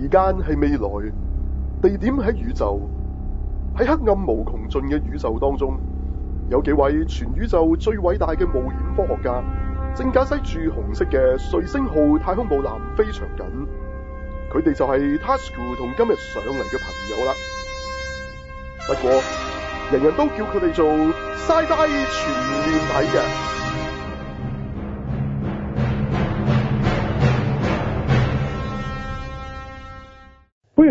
時間係未來，地點喺宇宙，喺黑暗無窮盡嘅宇宙當中，有幾位全宇宙最偉大嘅冒險科學家，正駕駛住紅色嘅瑞星號太空母艦非常緊。佢哋就係 Tasuku 同今日上嚟嘅朋友啦。不過，人人都叫佢哋做 Sci-Fi 全面睇嘅。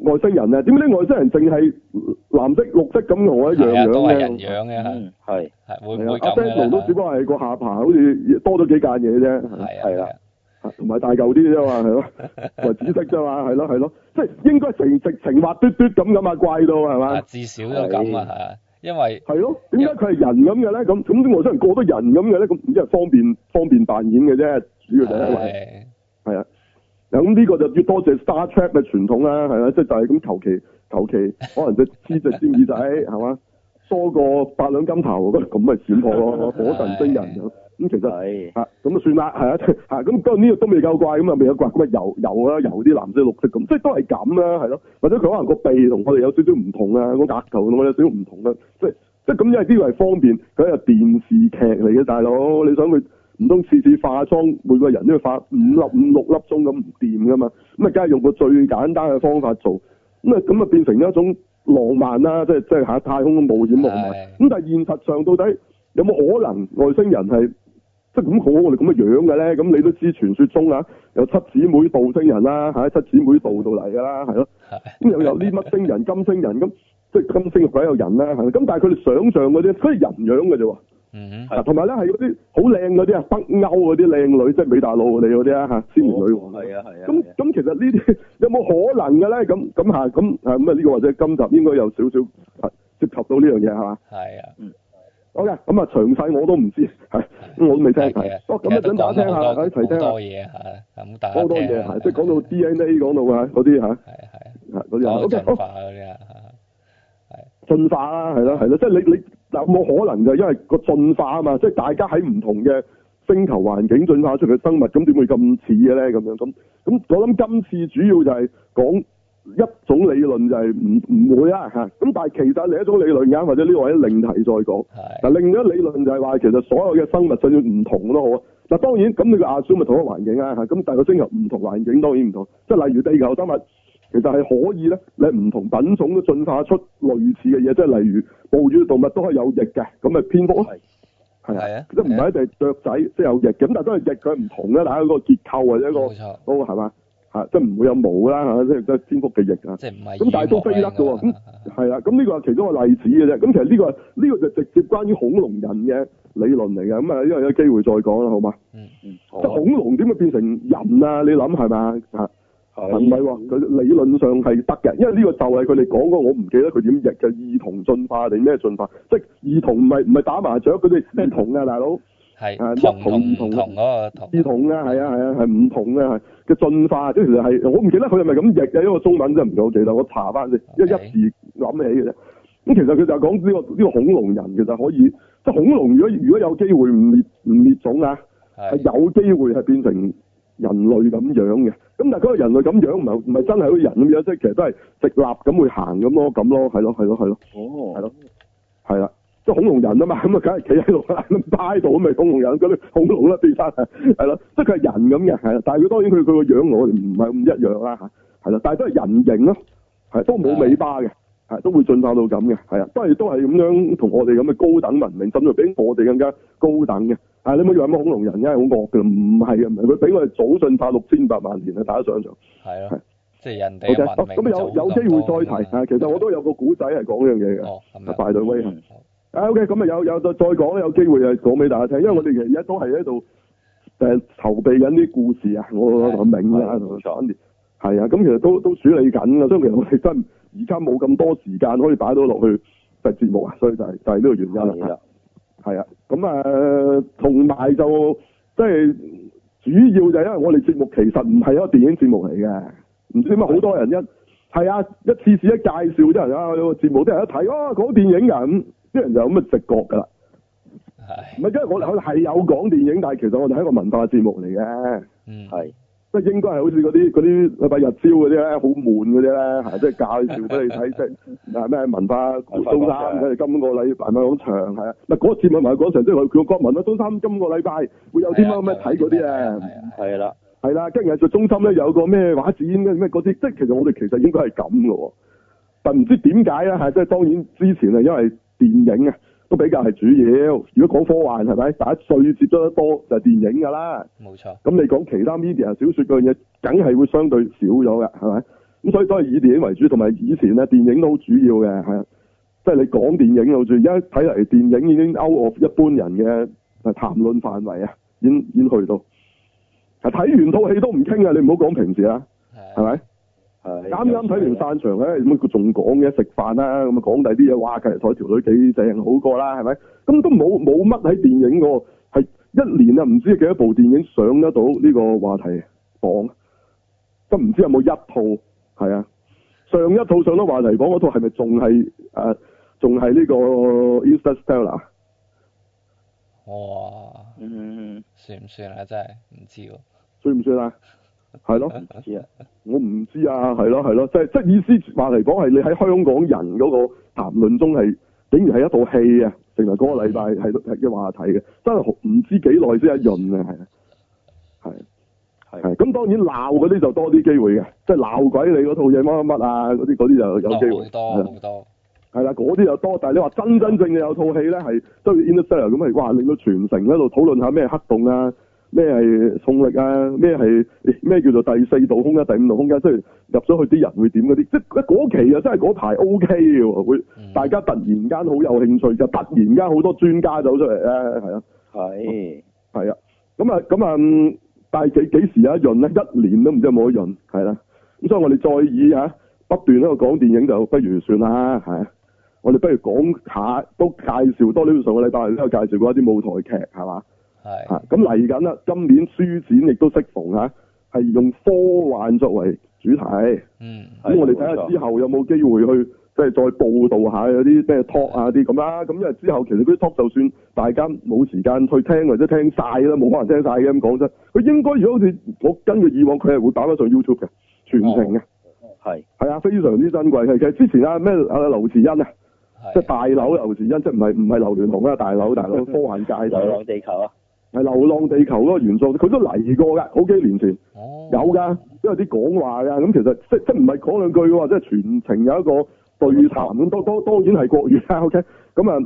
外星人啊？點解啲外星人淨係藍色、綠色咁同我一樣樣嘅、啊？都係人樣嘅係係係會會咁嘅。阿星人都只、啊啊啊啊、不過係個下巴，好似多咗幾間嘢啫，係啊啦，同埋大嚿啲啫嘛，係咯、啊，同 埋紫色啫嘛，係咯係咯，即係、啊 啊啊啊、應該成成成滑嘟嘟咁咁啊怪到係嘛？至少都咁啊嚇，因為係咯，點解佢係人咁嘅咧？咁咁啲外星人過多人咁嘅咧？咁即係係方便方便扮演嘅啫，主要就係一位係啊。咁、這、呢個就要多謝 Star Trek 嘅傳統啦，係啦，即係就係咁求其求其， 可能隻黐隻尖耳仔，係嘛，多個八兩金頭，咁咁咪閃破咯，火 神星精人咁，咁、 嗯、其實係，咁就算啦，係啊，吓咁不過呢個都未夠怪，咁啊未怪有怪咁啊油油啦，油啲藍色、綠色咁，即係都係咁啦，係咯，或者佢可能個鼻同、那個、我哋有少少唔同啊，個額頭同我哋少少唔同啊，即係即係咁因為呢個係方便，佢係電視劇嚟嘅，大佬你想佢？唔通次次化妝，每個人都要化五粒五六粒鐘咁唔掂噶嘛？咁啊，梗係用個最簡單嘅方法做，咁啊咁啊，變成一種浪漫啦，即係即係太空嘅冒險。咁但係現實上到底有冇可能外星人係即係咁好我哋咁嘅樣嘅咧？咁你都知傳說中啊有七姊妹道星人啦嚇，七姊妹道到嚟噶啦，係咯。咁又有呢乜星人 金星人咁，即金星鬼有人啦，係咁但係佢哋想像嗰啲，佢係人樣㗎啫喎。嗯同埋咧係嗰啲好靚嗰啲啊，北歐嗰啲靚女，即係美大佬嗰啲啊吓，仙女王。係啊係啊。咁咁其實呢啲有冇可能嘅咧？咁咁吓咁咁啊呢個或者今集應該有少少涉及到呢樣嘢係嘛？係啊，OK 咁啊詳細我都唔知，係，我都未聽，係。哦，咁一陣打聽下，喺一、啊啊啊、齊聽下、啊啊啊啊啊啊啊啊啊。多嘢咁大家。多多嘢即係講到 DNA 講到啊，嗰啲嚇。係係。嗰啲啊進化嗰啲啊，係、啊。進化啦、啊，即係你你。有冇可能就因為個進化啊嘛，即係大家喺唔同嘅星球環境進化出嘅生物，咁點會咁似嘅咧？咁樣咁咁，我諗今次主要就係講一種理論就係唔唔會啦吓，咁但係其實另一種理論啊，或者呢位另題再講。係嗱，另一種理論就係話，其實所有嘅生物，就算唔同都好啊。嗱，當然咁你個阿鼠咪同一環境啊，咁但係個星球唔同環境，當然唔同。即係例如地球生物。其實係可以咧，你唔同品種都進化出類似嘅嘢，即係例如哺乳動物都係有翼嘅，咁啊蝙蝠，係啊，啊，啊，啊，即係唔係一定雀仔，即係有翼咁但係都係翼，佢唔同嘅，但係個結構或者一個，冇錯，都係嘛，吓、哦，即係唔會有毛啦，吓、就是，即係蝙蝠嘅翼啊，即係唔係，咁但係都飛得嘅，咁係啦，咁呢個係其中一個例子嘅啫，咁其實呢個呢個就直接關於恐龍人嘅理論嚟嘅，咁啊因為有機會再講啦，好嘛，嗯嗯，即係恐龍點會變成人啊？你諗係嘛吓？係唔係話佢理論上係得嘅，因為呢個就係佢哋講嘅。我唔記得佢點譯嘅異同進化定咩進化，即係異同唔係唔係打麻雀，佢哋咩同嘅，大佬係啊，同唔同咯，異同啊，係啊係啊係唔同嘅嘅進化，即其實係我唔記得佢係咪咁譯嘅呢個中文真係唔左記得，我查翻先、okay.，因為一時諗起嘅啫。咁其實佢就係講呢個呢個恐龍人，其實可以即係恐龍，如果如果有機會唔滅唔滅種啊，係有機會係變成人類咁樣嘅。咁但係嗰個人類咁樣唔係唔係真係個人咁樣，即係其實都係直立咁會行咁咯，咁咯，係咯，係咯，係咯，係咯，係啦，即係恐龍人啊嘛，咁啊梗係企喺度啦，咁趴喺度咁咪恐龍人，嗰啲恐龍啦變翻，係咯，即係佢係人咁嘅，係啦，但係佢當然佢佢個樣我哋唔係唔一樣啦吓，係啦，但係都係人形咯，係都冇尾巴嘅，係都會進化到咁嘅，係啊，都係都係咁樣同我哋咁嘅高等文明，甚至比我哋更加高等嘅。啊！你冇以為乜恐龍人，因為好惡嘅，唔係啊，唔係佢俾我哋早進化六千八百萬年啊，大家想像。係啊，係，即係人哋文明咁有 okay,、哦、有，有機會再提、嗯、啊！其實我都有個古仔係講呢樣嘢嘅。大隊威嚇。啊，O K，咁啊有有再再講有機會係講俾大家聽，因為我哋其實而家都係喺度誒籌備緊啲故事啊，我我明啊，同 Daniel 係啊，咁其實都都處理緊啊，所以其實我哋真而家冇咁多時間可以擺到落去嘅節目啊，所以就係、是、就係、是、呢個原因啦。係啊，咁、嗯、啊，同埋就即係主要就係因為我哋節目其實唔係一個電影節目嚟嘅，唔知點解好多人一係 啊一次次一介紹啲人啊個節目，啲人一睇哦講電影啊啲人就有咁嘅直覺噶啦，係唔係因為我哋可能係有講電影，但係其實我哋係一個文化節目嚟嘅，嗯係。 即係應該係好似嗰啲嗰啲禮拜日朝嗰啲呢，好悶嗰啲呢，即係介紹俾你睇， 即係咩文化中心係 中心 今個禮拜咪好長係啊？嗱，嗰次文化廣場即係佢國民文化中心今個禮拜會有啲咩睇嗰啲呢？係 啦，係啦，跟住藝術中心呢，有個咩畫展咧咩嗰啲，即係其實我哋其實應該係咁嘅喎，但係唔知點解呢，嚇，即係當然之前係因為電影都比較係主要。如果講科幻係咪？第一最接觸得多就係電影㗎啦。冇錯。咁你講其他 media 小説嗰樣嘢，梗係會相對少咗嘅，係咪？咁所以都係以電影為主，同埋以前咧電影都好主要嘅，係啊。即係你講電影好似而家睇嚟電影已經 out of 一般人嘅談論範圍啊，已經已經去到。睇完套戲都唔傾啊，你唔好講平時啦，係咪？是啱啱睇完散場咧，咁佢仲講嘅食飯啦，咁啊講第啲嘢，哇！其實台條女幾正好過啦，係咪？咁都冇冇乜喺電影個係一年啊，唔知幾多部電影上得到呢個話題榜，咁唔知有冇一套係啊？上一套上得話題榜嗰套係咪仲係誒？仲係呢個 Insta Stellar？哇！嗯，算唔算啊？真係唔知喎，算唔算啊？係咯，我唔知啊，我唔知啊，係咯係咯，咯，即係即係意思話嚟講，係你喺香港人嗰個談論中係，竟然係一，戲一,一套戲啊，成日嗰個禮拜係係嘅話題嘅，真係唔知幾耐先一潤啊，係啊，係係，咁當然鬧嗰啲就多啲機會嘅，即係鬧鬼你嗰套嘢乜乜啊，嗰啲嗰啲就有機會多好多，係啦，嗰啲就多，但係你話真真正正有套戲咧，係都 Interstellar 咁，哇，令到全城喺度討論下咩黑洞啊！咩係重力啊？咩係咩叫做第四度空間、第五度空間？即係入咗去啲人會點嗰啲？即係嗰期、OK、啊，真係嗰排 O K 嘅，會、嗯、大家突然間好有興趣，就突然間好多專家走出嚟咧，係啊，係係啊，咁啊咁啊，但係幾幾時有一閏咧？一年都唔知有冇閏，係啦、啊，咁所以我哋再以啊不斷喺度講電影就，就不如算啦，係、啊，我哋不如講下，都介紹多呢啲。上個禮拜都有介紹過一啲舞台劇，係嘛？係啊，咁嚟緊啦，今年書展亦都適逢吓，係用科幻作為主題。嗯，咁我哋睇下之後有冇機會去，即係再報道下嗰啲咩 talk 啊啲咁啦。咁因為之後其實嗰啲 talk 就算大家冇時間去聽，或者聽晒啦，冇可能聽晒嘅。咁講真，佢應該好似我根據以往，佢係會打得上 YouTube 嘅，全程嘅。係係啊，非常之珍貴。其實之前啊咩阿劉慈欣啊，即係、就是、大劉劉慈欣，即係唔係唔係劉鑾雄啊，大劉大劉 科幻界、就是。流浪地球啊！係流浪地球嗰個元素，佢都嚟過㗎。好幾年前。哦，有噶，都有啲講話㗎。咁其實即即唔係講兩句喎，即全程有一個對談咁，當然係國語啦，O K。咁、okay? 啊、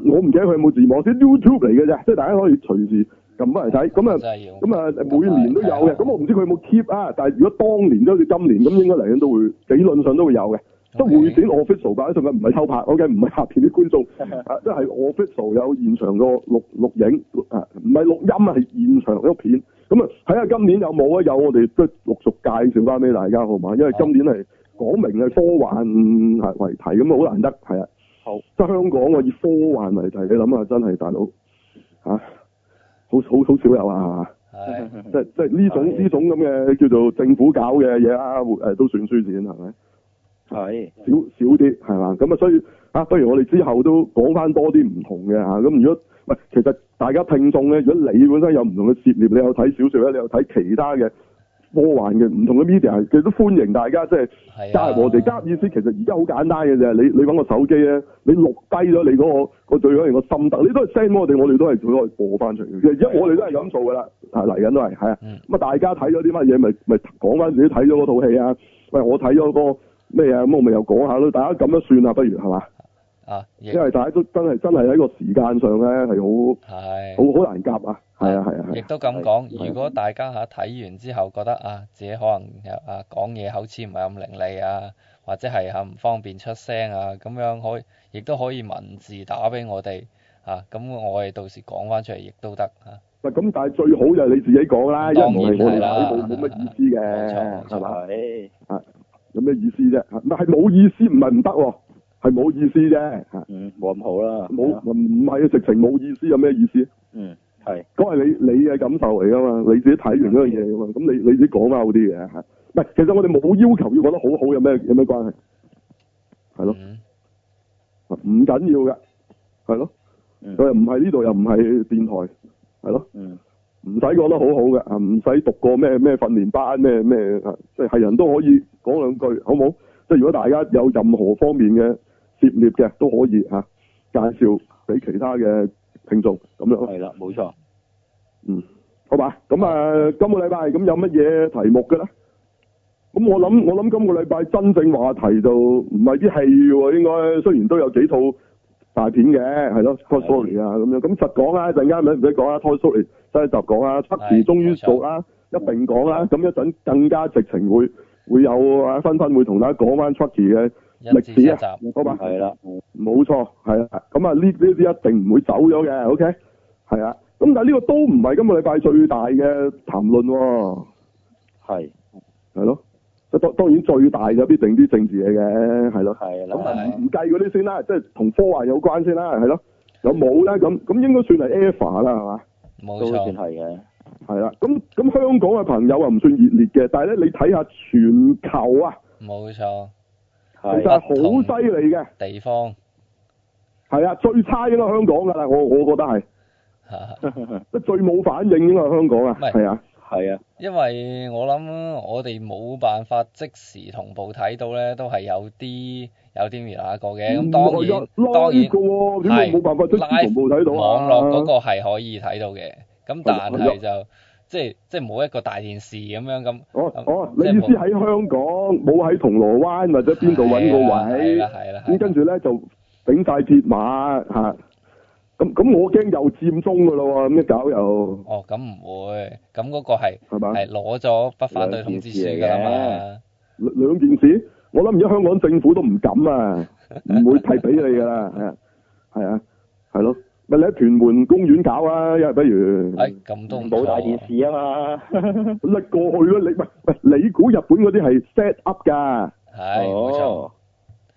嗯，我唔記得佢有冇字幕先，YouTube 嚟嘅啫，即大家可以隨時撳翻嚟睇。咁、嗯、啊，咁、嗯、啊、嗯，每年都有嘅。咁我唔知佢有冇 keep 啊，但係如果當年都好似今年，咁應該嚟緊都會，理論上都會有嘅。都、okay. 會展 official 㗎，同埋唔係偷拍，OK，唔係下邊啲觀眾，即係 official 有現場個錄,錄影，唔、啊、唔係錄音，係現場一片。咁啊，睇下今年有冇啊？有我哋都陸續介紹翻俾大家，好嘛？因為今年係講 明係科幻題為題，咁啊好難得，係啊。好，即係香港我以科幻為題，你諗下真係大佬吓，好好好少有啊，即係即係呢種呢 種咁嘅叫做政府搞嘅嘢啊，都算書展係咪？係少少啲，係嘛？咁啊，所以啊，不如我哋之後都講翻多啲唔同嘅，吓咁。啊、如果喂，其實大家聽眾咧，如果你本身有唔同嘅涉獵，你有睇小說咧，你有睇其他嘅科幻嘅唔同嘅 media，其實都歡迎大家即係加入我哋。加意思其實而家好簡單嘅啫，你你搵個手機咧，你錄低咗你嗰、嗰個、嗰個最緊要個心得，你都係 send 我哋，我哋都係可以播翻出嚟。其實而家我哋都係咁做噶啦，嚟緊都係係啊。咁啊，啊，大家睇咗啲乜嘢，咪咪講翻自己睇咗嗰套戲啊？喂，我睇咗個。咩啊？咁、嗯、我咪又講下咯。大家咁樣算啦，不如係嘛？啊，因為大家都真係真係喺個時間上咧係好，係好好難夾啊。係啊係啊。亦、啊啊啊、都咁講，如果大家睇完之後覺得啊，自己可能啊講嘢口齒唔係咁伶俐啊，或者係嚇唔方便出聲啊，咁樣可以，亦都可以文字打俾我哋啊。咁我哋到時講翻出嚟，亦都得啊。唔咁，但係最好就係你自己講啦,啦，因為我哋冇冇乜意思嘅，係、啊、嘛？有咩意思啫？係冇意思，唔係唔得，係冇意思啫。冇、嗯、咁好啦。冇唔係啊，直情冇意思，有咩意思？嗯，係。嗰，係你你嘅感受嚟噶嘛？你自己睇完嗰樣嘢噶嘛？咁、嗯、你你自己講翻好啲嘅，係。其實我哋冇要求要覺得好好，有咩有咩關係？係咯，唔、嗯、緊要噶，係咯、嗯，佢又唔係呢度，又唔係電台，係咯。嗯唔使講得好好嘅啊！唔使讀過咩咩訓練班咩咩，即係人都可以講兩句，好唔好？即係如果大家有任何方面嘅涉獵嘅，都可以、啊、介紹俾其他嘅聽眾咁樣係啦，冇錯。嗯，好吧，咁啊、呃，今個禮拜咁有乜嘢題目㗎咧？咁我諗我諗今個禮拜真正話題就唔係啲戲喎，應該雖然都有幾套大片嘅係咯，《Toy Story》啊咁樣。咁實講啊，陣間唔使唔使講啊，《Toy Story》即係就講啊出 h 終於做啦，一併講啊，咁、嗯、一陣更加直情會會有啊，紛紛會同大家講翻出 h 嘅歷史啊，好吧，係啦，冇、嗯、錯，係啦咁，啊呢呢啲一定唔會走咗嘅，OK，係啊，咁但係呢個都唔係今個禮拜最大嘅談論，係，係咯，當當然最大有必定啲政治嘢嘅，係咯，咁啊唔計嗰啲先啦，即係同科幻有關先啦，係咯，有冇咧咁，咁應該算係 AFA 啦，係嘛？冇錯，係嘅。係啦，咁咁香港嘅朋友又唔算熱烈嘅，但係咧你睇下全球啊，冇錯，其實係好犀利嘅地方。係啊，最差應該香港噶啦，我我覺得係，最冇反應應該香港啊，係啊。係啊，因為我諗我哋冇辦法即時同步睇到咧，都係有啲有啲而家嘅咁當然當然個喎，係冇、啊、辦法即時同步睇到、啊、網絡嗰個係可以睇到嘅，咁但係就即即冇一個大電視咁樣咁。哦哦，你意思喺香港冇喺銅鑼灣或者邊度搵個位？係啦係啦，咁跟住咧就頂晒鐵馬吓咁咁我驚又佔中噶啦喎，咁一搞又哦咁唔會，咁嗰個係係嘛，係攞咗不反對通知書噶啦嘛，兩兩件事，我諗而家香港政府都唔敢啊，唔會提俾你噶啦，係啊係啊係咯，咪你喺屯門公園搞啊，因為不如係咁都冇大件事啊嘛，甩過去啦你咪咪你估日本嗰啲係 set up 㗎，係冇錯，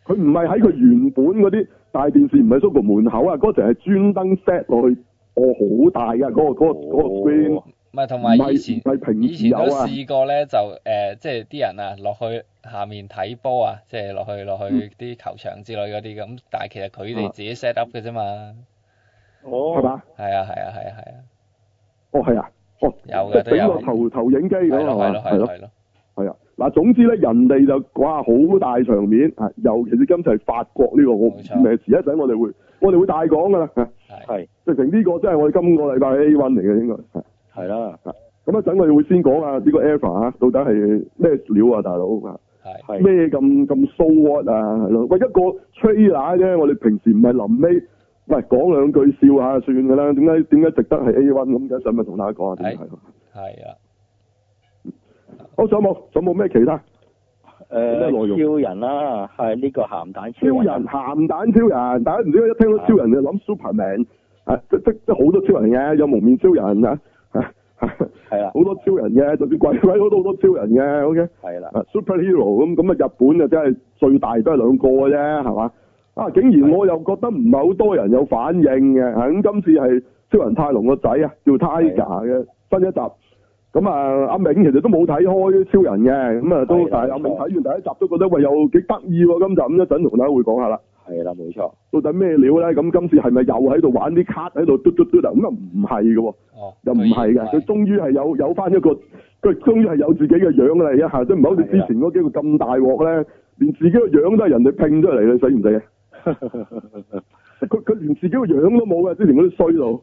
佢唔係喺佢原本嗰啲。大電視唔係租戶門口啊，嗰陣係專登 set 落去，哦好大嘅，嗰、那個嗰、那個嗰邊咪同埋咪咪平時有啊，我試過咧就誒、呃，即係啲人啊落去下面睇波啊，即係落去落去啲球場之類嗰啲咁，但係其實佢哋自己 set up 嘅啫嘛、啊啊啊啊，哦，係嘛？係啊係啊係啊係啊，哦係啊，哦有嘅都有，投投影機咁係嘛？係咯係咯係啊。嗱，總之咧，人哋就哇好大場面啊！尤其是今次係法國呢個，我唔知咩事。一陣我哋會，我哋會大講噶啦。係，直情呢個真係我哋今個禮拜 A one 嚟嘅應該。係啦。咁一陣我哋會先講下呢個 EVA 到底係咩料啊，大佬？咩咁咁 so what 啊？係咯，喂，一個 trailer 啫，我哋平時唔係臨尾，喂，講兩句笑下算噶啦。點解點解值得係 A one？咁想咪同大家講下啊？係。係啊。好上冇，上冇咩其他？誒超、呃、人啦、啊，係呢、呢個鹹蛋超人、人。超人鹹蛋超人，大家唔知一聽到超人就諗 Superman，啊，即即即好多超人嘅，有蒙面超人啊，係、啊、好多超人嘅，就至鬼好多好多超人嘅，OK。係、啊、啦，Superhero 咁咁啊，日本就真係最大都係兩個嘅啫，係嘛？啊，竟然我又覺得唔係好多人有反應嘅，咁、啊、今次係超人泰隆個仔啊，叫 Tiger 嘅，新一集。咁啊，阿明其實都冇睇開超人嘅，咁啊都但係阿明睇完第一集都覺得喂又有幾得意喎，今集咁一陣同大家會講下啦。係啦，冇錯。到底咩料咧？咁今次係咪又喺度玩啲卡喺度嘟嘟嘟咁啊唔係嘅喎。又唔係嘅，佢、哦、終於係有有翻一個，佢終於係有自己嘅樣啦。一下都唔係好似之前嗰幾個咁大鑊咧，連自己個樣都係人哋拼出嚟你死唔死啊？佢佢 連自己個樣都冇嘅，之前嗰啲衰佬。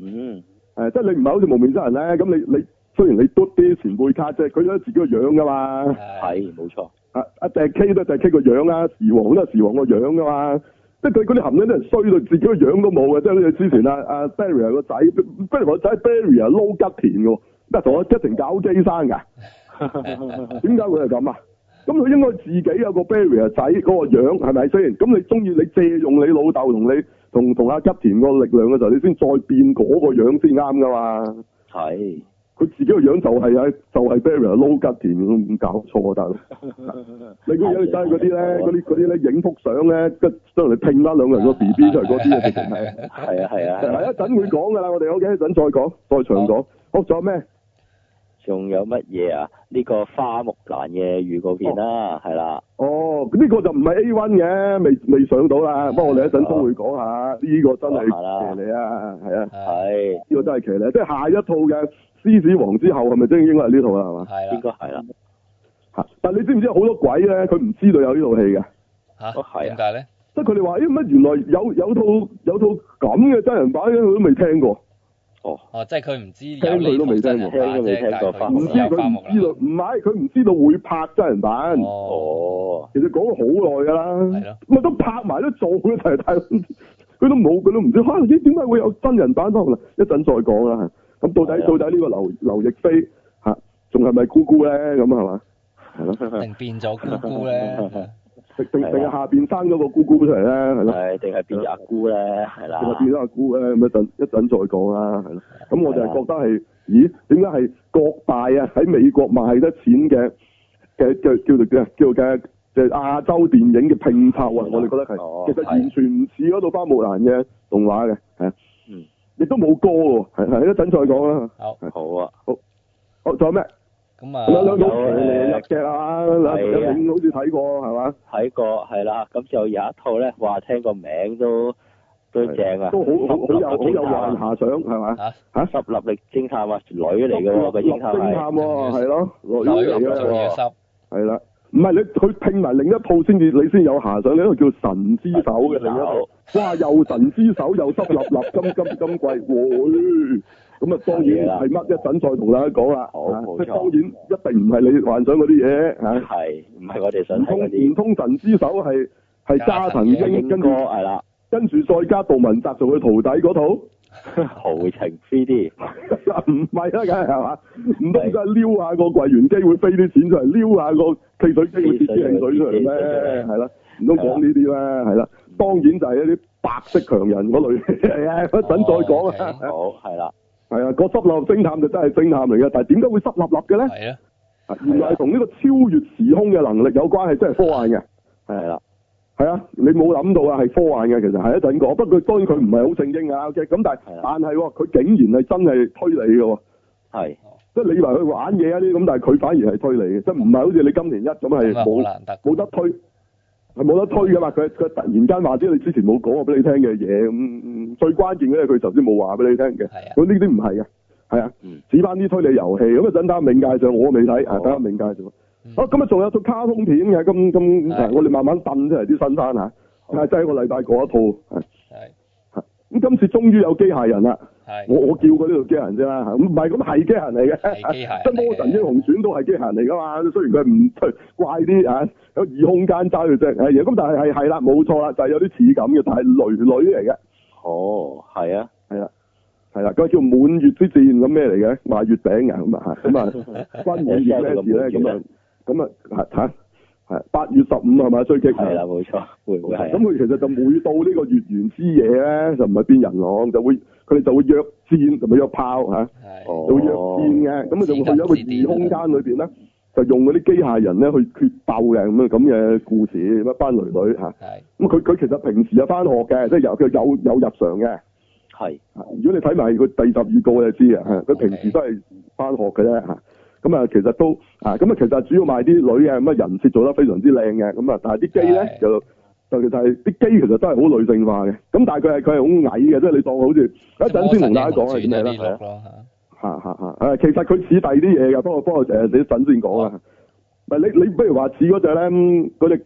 嗯。誒、啊，即係你唔係好似無面超人咧，咁你你。你雖然你多啲前輩卡啫，佢都自己個樣噶嘛。係冇錯。啊，阿 K 都鄭 K 個樣啊，時王都係時王個樣噶嘛。即係佢嗰啲含領都係衰到自己個樣都冇嘅，即係好似之前啊阿 Barry 個仔，Barry 個仔 Barry 啊撈吉田嘅，咩同我 j u 搞基生㗎？點解佢係咁啊？咁 佢應該自己有個 Barry r 仔嗰、那個樣係咪？雖然咁你中意你借用你老豆同你同同阿吉田個力量嘅時候，你先再變嗰個樣先啱㗎嘛。係。佢自己個樣就係就係 b a r y l l o w g a t i 搞錯得你估啲真係嗰啲咧，嗰啲嗰啲咧， 影幅相咧、啊，跟係你拼啦，兩個人個 B B 出嚟嗰啲係係啊係啊，係一陣會講噶啦，我哋好嘅一陣再講，再長講。好，咗咩？仲有乜嘢啊？呢個花木蘭嘅預告片啦，係啦。哦，呢、這個就唔係 A one 嘅，未未上到啦。不過我哋一陣都會講下，呢、這個真係謝你啊，係啊，係呢個真係騎呢，即係下一套嘅。獅子王之後係咪真係應該係呢套是是啦？係嘛，應該係啦。吓、啊！但係你知唔知好多鬼咧？佢唔知道有套戲、啊啊、呢套戲嘅吓，係但係咧，即係佢哋話：咦，乜原來有有套有套咁嘅真人版嘅，佢都未聽過。哦，啊、即係佢唔知。聽佢都未聽，聽都未聽過，唔、啊、知佢唔知道。唔係，佢唔知，知道會拍真人版。哦。其實講咗好耐噶啦，咁啊都拍埋都做咗齊，但佢都冇，佢都唔知。吓、啊，咦、欸？點解會有真人版？多、啊、啦，一陣再講啦。咁到底到底呢個劉劉亦菲吓，仲係咪姑姑咧？咁啊係嘛，係咯，定變咗姑姑咧？定定定下邊生咗個姑姑出嚟咧？係咯，定係變咗阿姑咧？係啦，係變咗阿姑咧？咁一陣一陣再講啦，係咯。咁我就係覺得係，咦？點解係各大啊喺美國賣得錢嘅嘅嘅叫做叫嘅嘅亞洲電影嘅拼湊啊？我哋覺得係、哦，其實是是完全唔似嗰套花木蘭嘅動畫嘅，吓。亦都冇歌喎，係係，一陣再講啦。好，好啊，好。好，仲有咩？咁啊，有兩套日劇啊，有影好似睇過係嘛？睇過，係啦。咁就有一套咧，話聽個名都都正啊，都好濕淋淋偵探係嘛？嚇嚇，濕淋淋偵探係女嚟㗎喎，個偵探係。咯、啊，女嘅啦。唔係你佢拼埋另一套先至，你先有遐想。你呢個叫神之手嘅另一套，哇！又神之手又濕立立 金金咁金貴，咁、哦、啊，啊， 思 啊，當然係乜一陣再同大家講啦，即係當然一定唔係你幻想嗰啲嘢吓，係唔係我哋想？唔通唔通神之手係係揸神經，跟住係啦，跟住再加杜文澤做佢徒弟嗰套豪情飛啲，唔係啊，梗係係嘛？唔通真係撩下個櫃員機會飛啲錢出嚟撩下、那個？汽水機會跌支汽水出嚟咩？係啦，唔通講呢啲咩？係啦，當然就係一啲白色強人嗰類。係 啊、嗯， 一陣再講啦。哦、okay，好，係啦，係啊，那個濕笠偵探就真係偵探嚟嘅，但係點解會濕立立嘅咧？係啊，原嚟係同呢個超越時空嘅能力有關係，真係科幻嘅。係啦，係啊，你冇諗到啊，係科幻嘅，其實係一陣講。不過當然佢唔係好正經啊，O K。咁但係，但係佢竟然係真係推理嘅。係。即係你以為佢玩嘢嗰啲咁，但係佢反而係推理嘅，即係唔係好似你今年一咁係冇得冇得推，係冇得推嘅嘛。佢佢突然間話啲你之前冇講過俾你聽嘅嘢咁，最關鍵咧佢頭先冇話俾你聽嘅。係啊，咁呢啲唔係嘅，係啊，嗯、指翻啲推理遊戲咁啊，陣間冥界上我未睇啊，等我冥界上。好咁、哦嗯、啊，仲有套卡通片嘅，咁咁我哋慢慢揼出嚟啲新番嚇。係、啊、真係一個禮拜過一套係係，咁今、啊、次終於有機械人啦。的我我叫佢呢度機，機，機械人啫啦，唔係咁係機械人嚟嘅，即魔神英雄傳都係機械人嚟噶嘛。雖然佢唔怪啲啊，有異空間揸住隻，咁但係係係啦，冇錯啦，就係、是、有啲似咁嘅，但係女女嚟嘅。哦，係啊，係啦，係啦，佢叫滿月之戰咁咩嚟嘅賣月餅啊咁啊，咁啊，關滿月咩事咧？咁啊，咁啊嚇嚇。係八月十五，係咪追擊勁？係啦，冇錯會冇錯，咁佢其實就每到呢個月圓之夜咧，就唔係變人狼，就會佢哋就會約戰同埋約炮吓，係啊、就會約戰嘅，咁、哦、佢就去咗個異空間裏邊呢，就用嗰啲機械人咧去決鬥嘅，咁咁嘅故事，乜班女女，吓、啊，咁佢佢其實平時啊翻學嘅，即係有佢有有日常嘅，係如果你睇埋佢第十二個就知啊，佢、okay、平時都係翻學嘅啫吓。咁、嗯、啊，其實都啊，咁、嗯、啊，其實主要賣啲女嘅，乜人設做得非常之靚嘅，咁、嗯、啊，但係啲機咧就就其實係啲機其實都係好女性化嘅，咁、嗯、但係佢係佢係好矮嘅，即係你當好似一陣先同大家講係點嘅啦，其實佢似第二啲嘢又不過多啊，你一陣先講啊，啊啊你啊不你不如話似嗰隻咧，嗰隻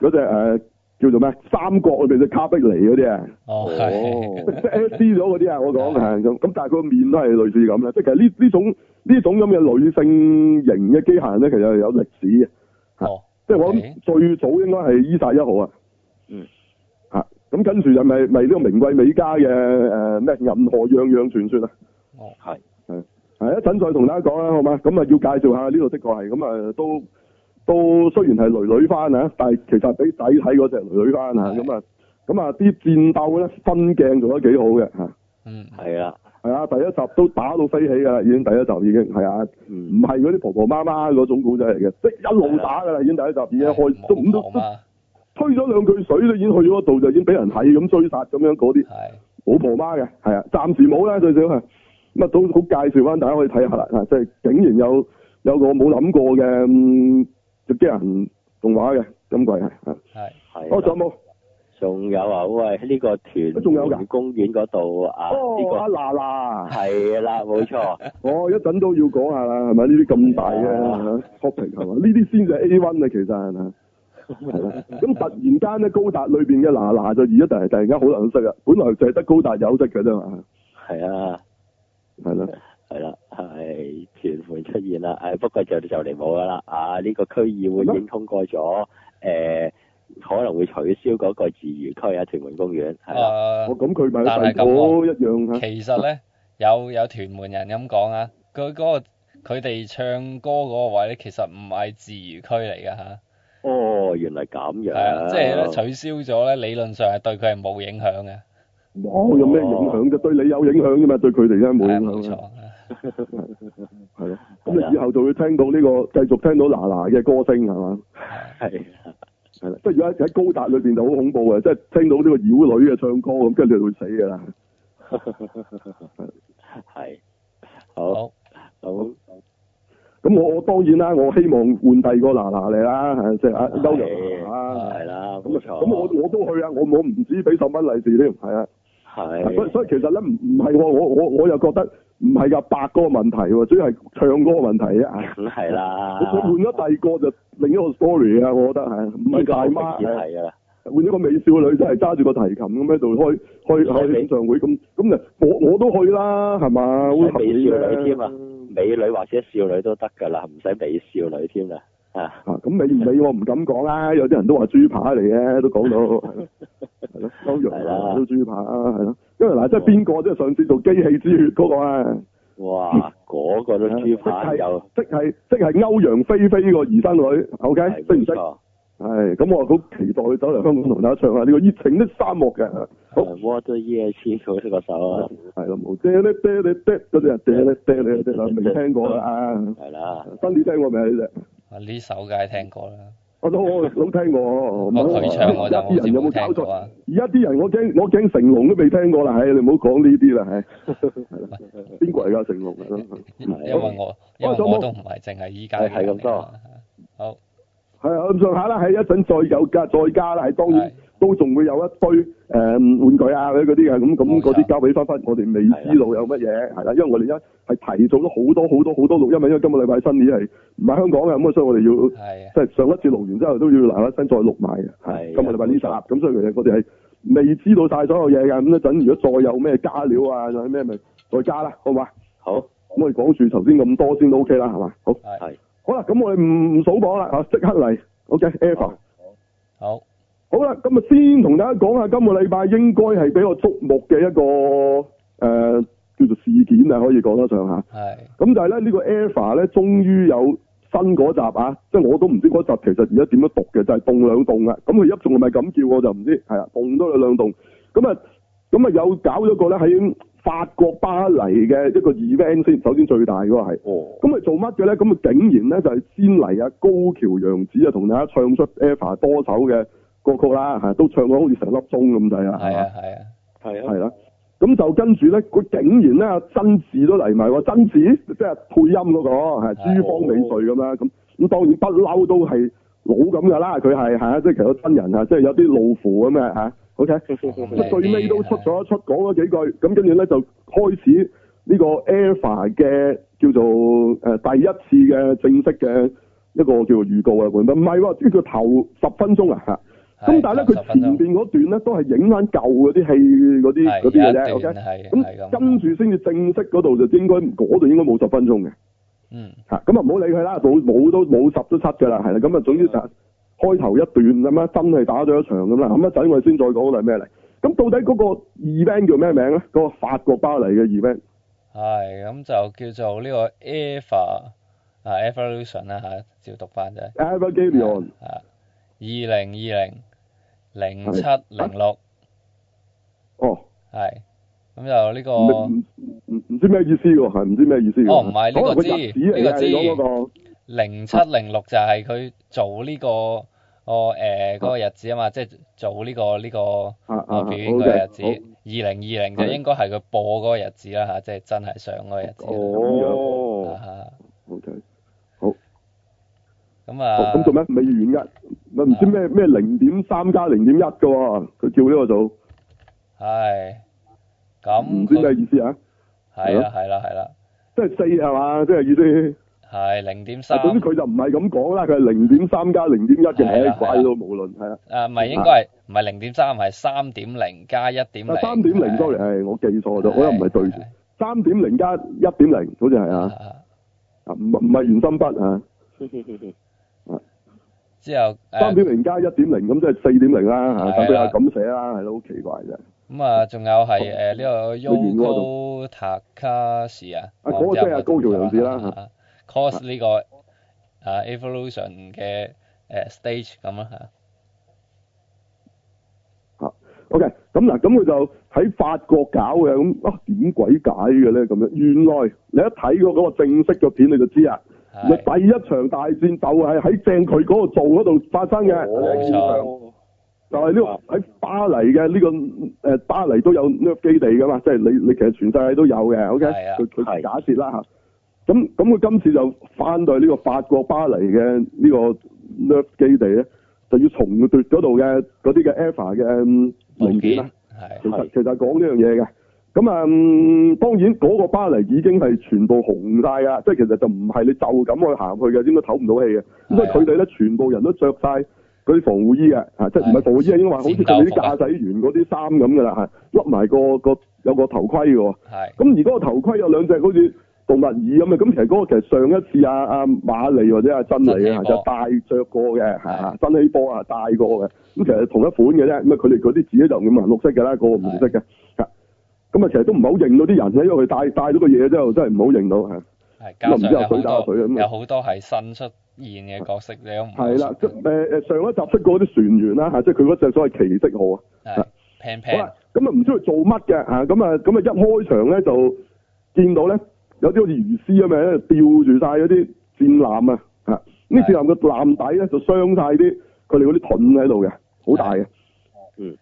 嗰隻誒。叫做咩？三國裏邊嘅卡碧尼嗰啲啊，哦，係，S D 咗嗰啲啊，我講係咁，咁、okay. 但係佢個面都係類似咁啦，即係其實呢呢種呢種咁嘅女性型嘅機械咧，其實係有歷史嘅，哦，即係我諗最早應該係伊莎一號啊，嗯、mm.，吓，咁跟住就咪咪呢個名貴美佳嘅誒咩銀河樣樣傳說啊，哦，係，係，係，一陣再同大家講啦，好嘛，咁啊要介紹下呢度的確係咁啊都。都雖然係女女翻啊，但係其實係比仔睇嗰隻女女翻咁啊，咁啊啲戰鬥咧分鏡做得幾好嘅，嗯，係啊，係啊，第一集都打到飛起㗎啦，已經第一集已經係啊，唔係嗰啲婆婆媽媽嗰種古仔嚟嘅，即係一路打㗎啦，已經第一集已經開、啊、都唔都推咗兩句水都已經去咗嗰度，就已經俾人係咁追殺咁樣嗰啲。冇婆媽嘅，係啊，暫時冇啦，最少係。咁啊都好介紹翻大家可以睇下啦，即係竟然有有個冇諗過嘅。嗯就啲人動畫嘅，咁貴係係係，哦仲有冇？仲有啊喂，呢個屯門公園嗰度啊，哦有有啊嗱嗱，係啦，冇、這、錯、個，我、啊 哦、一陣都要講下啦，係咪？呢啲咁大嘅 topic 係嘛？呢啲先至 A one 啊，其實係咪？咁、 啊、突然間咧，高達裏邊嘅嗱嗱就而家突突然間好難識啊，本來就係得高達有識嘅啫嘛，係 啊，係咯、啊。係啦，係屯門出現啦，誒，不過就就嚟冇噶啦，啊，呢個區議會已經通過咗，誒，可能會取消嗰個自娛區啊，屯門公園係啊，我咁佢咪但係咁都一樣啊，其實咧有有屯門人咁講啊，佢嗰個佢哋唱歌嗰個位咧，其實唔係自娛區嚟噶吓，哦，原來咁樣，係啊，即係咧取消咗咧，理論上係對佢係冇影響嘅，冇有咩影響啫，對你有影響噶嘛，對佢哋咧冇影響。冇錯。係 咯，咁你以後就會聽到呢、這個繼續聽到娜娜嘅歌聲係嘛，係係啦，即係而家喺高達裏邊就好恐怖嘅，即、就、係、是、聽到呢個妖女嘅唱歌咁，跟住就就會死噶啦。係好好，咁、嗯嗯嗯、我,我當然啦，我希望換第二個娜娜嚟啦，即係阿歐陽啊，係啦，咁咁、啊啊啊嗯、我我都去啊，我我唔知俾十蚊利是添，係啊，係，所以所以其實咧唔唔係我我我我又覺得。唔係㗎，八個問題喎，主要係唱歌問題啊。梗係啦，我 換咗第二個就另一個 story 啊，我覺得係唔係大媽？一換咗個美少女真係揸住個提琴咁喺度開開開，開演唱會咁咁啊！我我都去啦，係嘛？美少女添啊，美女或者少女都得㗎啦，唔使美少女添啊。啊！咁美唔美？我唔敢講啦。有啲人都話豬扒嚟嘅，都講到係咯。 歐陽都豬扒啊，係咯。因為嗱，即係邊個？即係上次做機器之血嗰個啊！哇！嗰、那個都豬排即係即係歐陽菲菲個兒生女。O K，識唔識？係咁、嗯嗯，我好期待佢走嚟香港同大家唱下呢、這個熱情的沙漠嘅。好我 h a t do y o 啊，係咯，嗲你嗲你嗰啲人嗲你啦，未聽過啊？係啦，新年聽過未呢隻？呢首梗係聽過啦， 我，我都我都聽過。我佢唱，我真一啲人有冇搞錯啊？而家啲人我驚，我驚成龍都未聽過啦。係你唔好講呢啲啦。係，邊個嚟㗎成龍啊？因為我， 因為我都唔係淨係依家。係係咁多。好，係啊咁上下啦。係一陣再有加再加啦。係當然。都仲會有一堆誒、呃、玩具啊嗰啲嘅，嗰啲啲嘅咁咁嗰啲交俾分分，我哋未知道有乜嘢係啦。因為我哋而家係提早咗好多好多好多錄音，因為今個禮拜新年係唔係香港嘅咁，所以我哋要係即係上一次錄完之後都要嗱嗱聲再錄埋。係今個禮拜呢日咁，所以其實我哋係未知道晒所有嘢嘅咁一陣。如果再有咩加料啊，或者咩咪再加啦，好嘛？好咁，我哋講住頭先咁多先都 OK 啦，係嘛？好係好啦，咁我哋唔唔數榜啦嚇，即刻嚟 OK，EVA 好。好好好好啦，咁啊，先同大家講下今個禮拜應該係比較矚目嘅一個誒、呃，叫做事件啊，可以講得上吓。係。咁就咧，呢個 Eva 咧，終於有新嗰集啊，即係我都唔知嗰集其實而家點樣讀嘅，就係、是、動兩動啊。咁佢一仲係咪咁叫我就唔知，係啦、啊，動多咗兩動。咁啊，咁啊，有搞咗個咧喺法國巴黎嘅一個 event 先，首先最大個係。哦。咁啊，做乜嘅咧？咁啊，竟然咧就係先嚟，啊，高橋陽子啊，同大家唱出 Eva 多首嘅。歌曲啦嚇，都唱到好似成粒鐘咁滯啊！係啊係啊係、啊啊那個啊啊、啦，咁、啊啊、就跟住咧，佢竟然咧真嗣都嚟埋，喎、就是。真嗣即係配音嗰個係緒方惠美咁啦。咁咁當然不嬲都係老咁㗎啦。佢係即係其實真人嚇，即係有啲老符咁嘅嚇。O K，出最尾都出咗出講咗幾句，咁跟住咧就開始呢個 Alpha 嘅叫做第一次嘅正式嘅一個叫做預告啊。唔係喎，呢個頭十分鐘啊咁、嗯、但係咧，佢前邊嗰段咧都係影翻舊嗰啲戲嗰啲嗰啲嘅啫，OK？咁、嗯、跟住先至正式嗰度就應該嗰度應該冇十分鐘嘅，嗯，嚇咁啊唔好理佢啦，冇冇都冇十都七嘅啦，係啦，咁啊總之就開頭一段咁啊，真係打咗一場咁啦，咁一陣我哋先再講嗰度係咩嚟？咁到底嗰個 event 叫咩名咧？嗰、嗰個法國巴黎嘅 event，係咁就叫做呢個 Eva 啊 Evolution 啦、啊、嚇，照讀翻啫，Evolution 二零二零零七零六哦，係咁就呢、這個唔知咩意思喎，係唔知咩意思。哦唔係呢個知呢、這個知零七零六就係佢做呢、這個哦誒嗰、呃那個日子啊嘛，即、哦、係、就是、做呢、這個呢、哦這個哦表演嗰個日子。二零二零就應該係佢播嗰個日子啦吓，即、啊、係、就是、真係上嗰個日子。哦，好、嗯、嘅。哦啊 okay. 咁啊！咁做咩？咪二點一咪唔知咩咩零點三加零點一嘅喎，佢叫呢個做係，咁唔知咩意思啊？係啦係啦係啦，即係四係嘛，即係意思係零點三。總之佢就唔係咁講啦，佢係零點三加零點一嘅，鬼都冇論係啦。誒，唔係應該係唔係零點三，係三點零加一點零。三點零加零係我記錯咗，我又唔係對住。三點零加一點零，好似係啊。啊，唔唔係圓心筆啊！之後、啊、三點零加一點零咁即係四點零啦嚇，咁佢又咁寫啦，係咯好奇怪啫。咁啊，仲有係誒呢個就是 Yoko Takahashi 啊，啊高聲啊高橋人士啦，Cost 呢個啊,啊,啊,啊,啊 Evolution 嘅誒 Stage 咁啦吓嚇，OK，咁嗱，咁佢就喺法國搞嘅，咁啊點鬼解嘅咧？咁樣、啊、原來你一睇過嗰個正式嘅片你就知啊。第一場大戰就係喺正佢嗰個造嗰度發生嘅，就係呢個喺巴黎嘅呢個誒巴黎都有呢個 NERV 基地噶嘛，即係你你其實全世界都有嘅，OK？佢佢假設啦嚇，咁咁佢今次就翻到呢個法國巴黎嘅呢個、NERV、基地咧，就要重奪嗰度嘅嗰啲嘅 Eva 嘅文件啦，其實是、啊、其實講呢樣嘢嘅。咁、嗯、啊，當然嗰個巴黎已經係全部紅晒㗎，即係其實就唔係你就咁去行去嘅，點都唞唔到氣嘅。咁所以佢哋咧，全部人都着晒嗰啲防護衣嘅，嚇，即係唔係防護衣啊？應該話好似佢哋啲駕駛員嗰啲衫咁㗎啦，嚇，笠埋個個，個有個頭盔嘅。係。咁而嗰個頭盔有兩隻好似動物耳咁嘅，咁其實嗰個其實上一次阿阿馬莉或者阿真理啊就戴着過嘅，嚇，真希波啊戴過嘅。咁其實同一款嘅啫，咁啊佢哋佢啲字咧就叫藍綠色嘅啦，嗰個唔同色嘅。咁啊，其實都唔好認到啲人咧，因為佢帶帶咗個嘢之後，真係唔好認到。係，咁啊，唔知有水打水咁有好多係新出現嘅角色，你都係啦。誒誒，上一集出過啲船員啦，嚇，即係佢嗰隻所謂奇跡號啊。係平平。咁啊，唔知佢做乜嘅嚇？咁啊，咁啊，一開場咧就見到咧，有啲好似魚絲咁樣，喺度吊住晒嗰啲戰艦啊。嚇，呢戰艦個艦底咧就傷晒啲，佢哋嗰啲盾喺度嘅，好大嘅。嗯。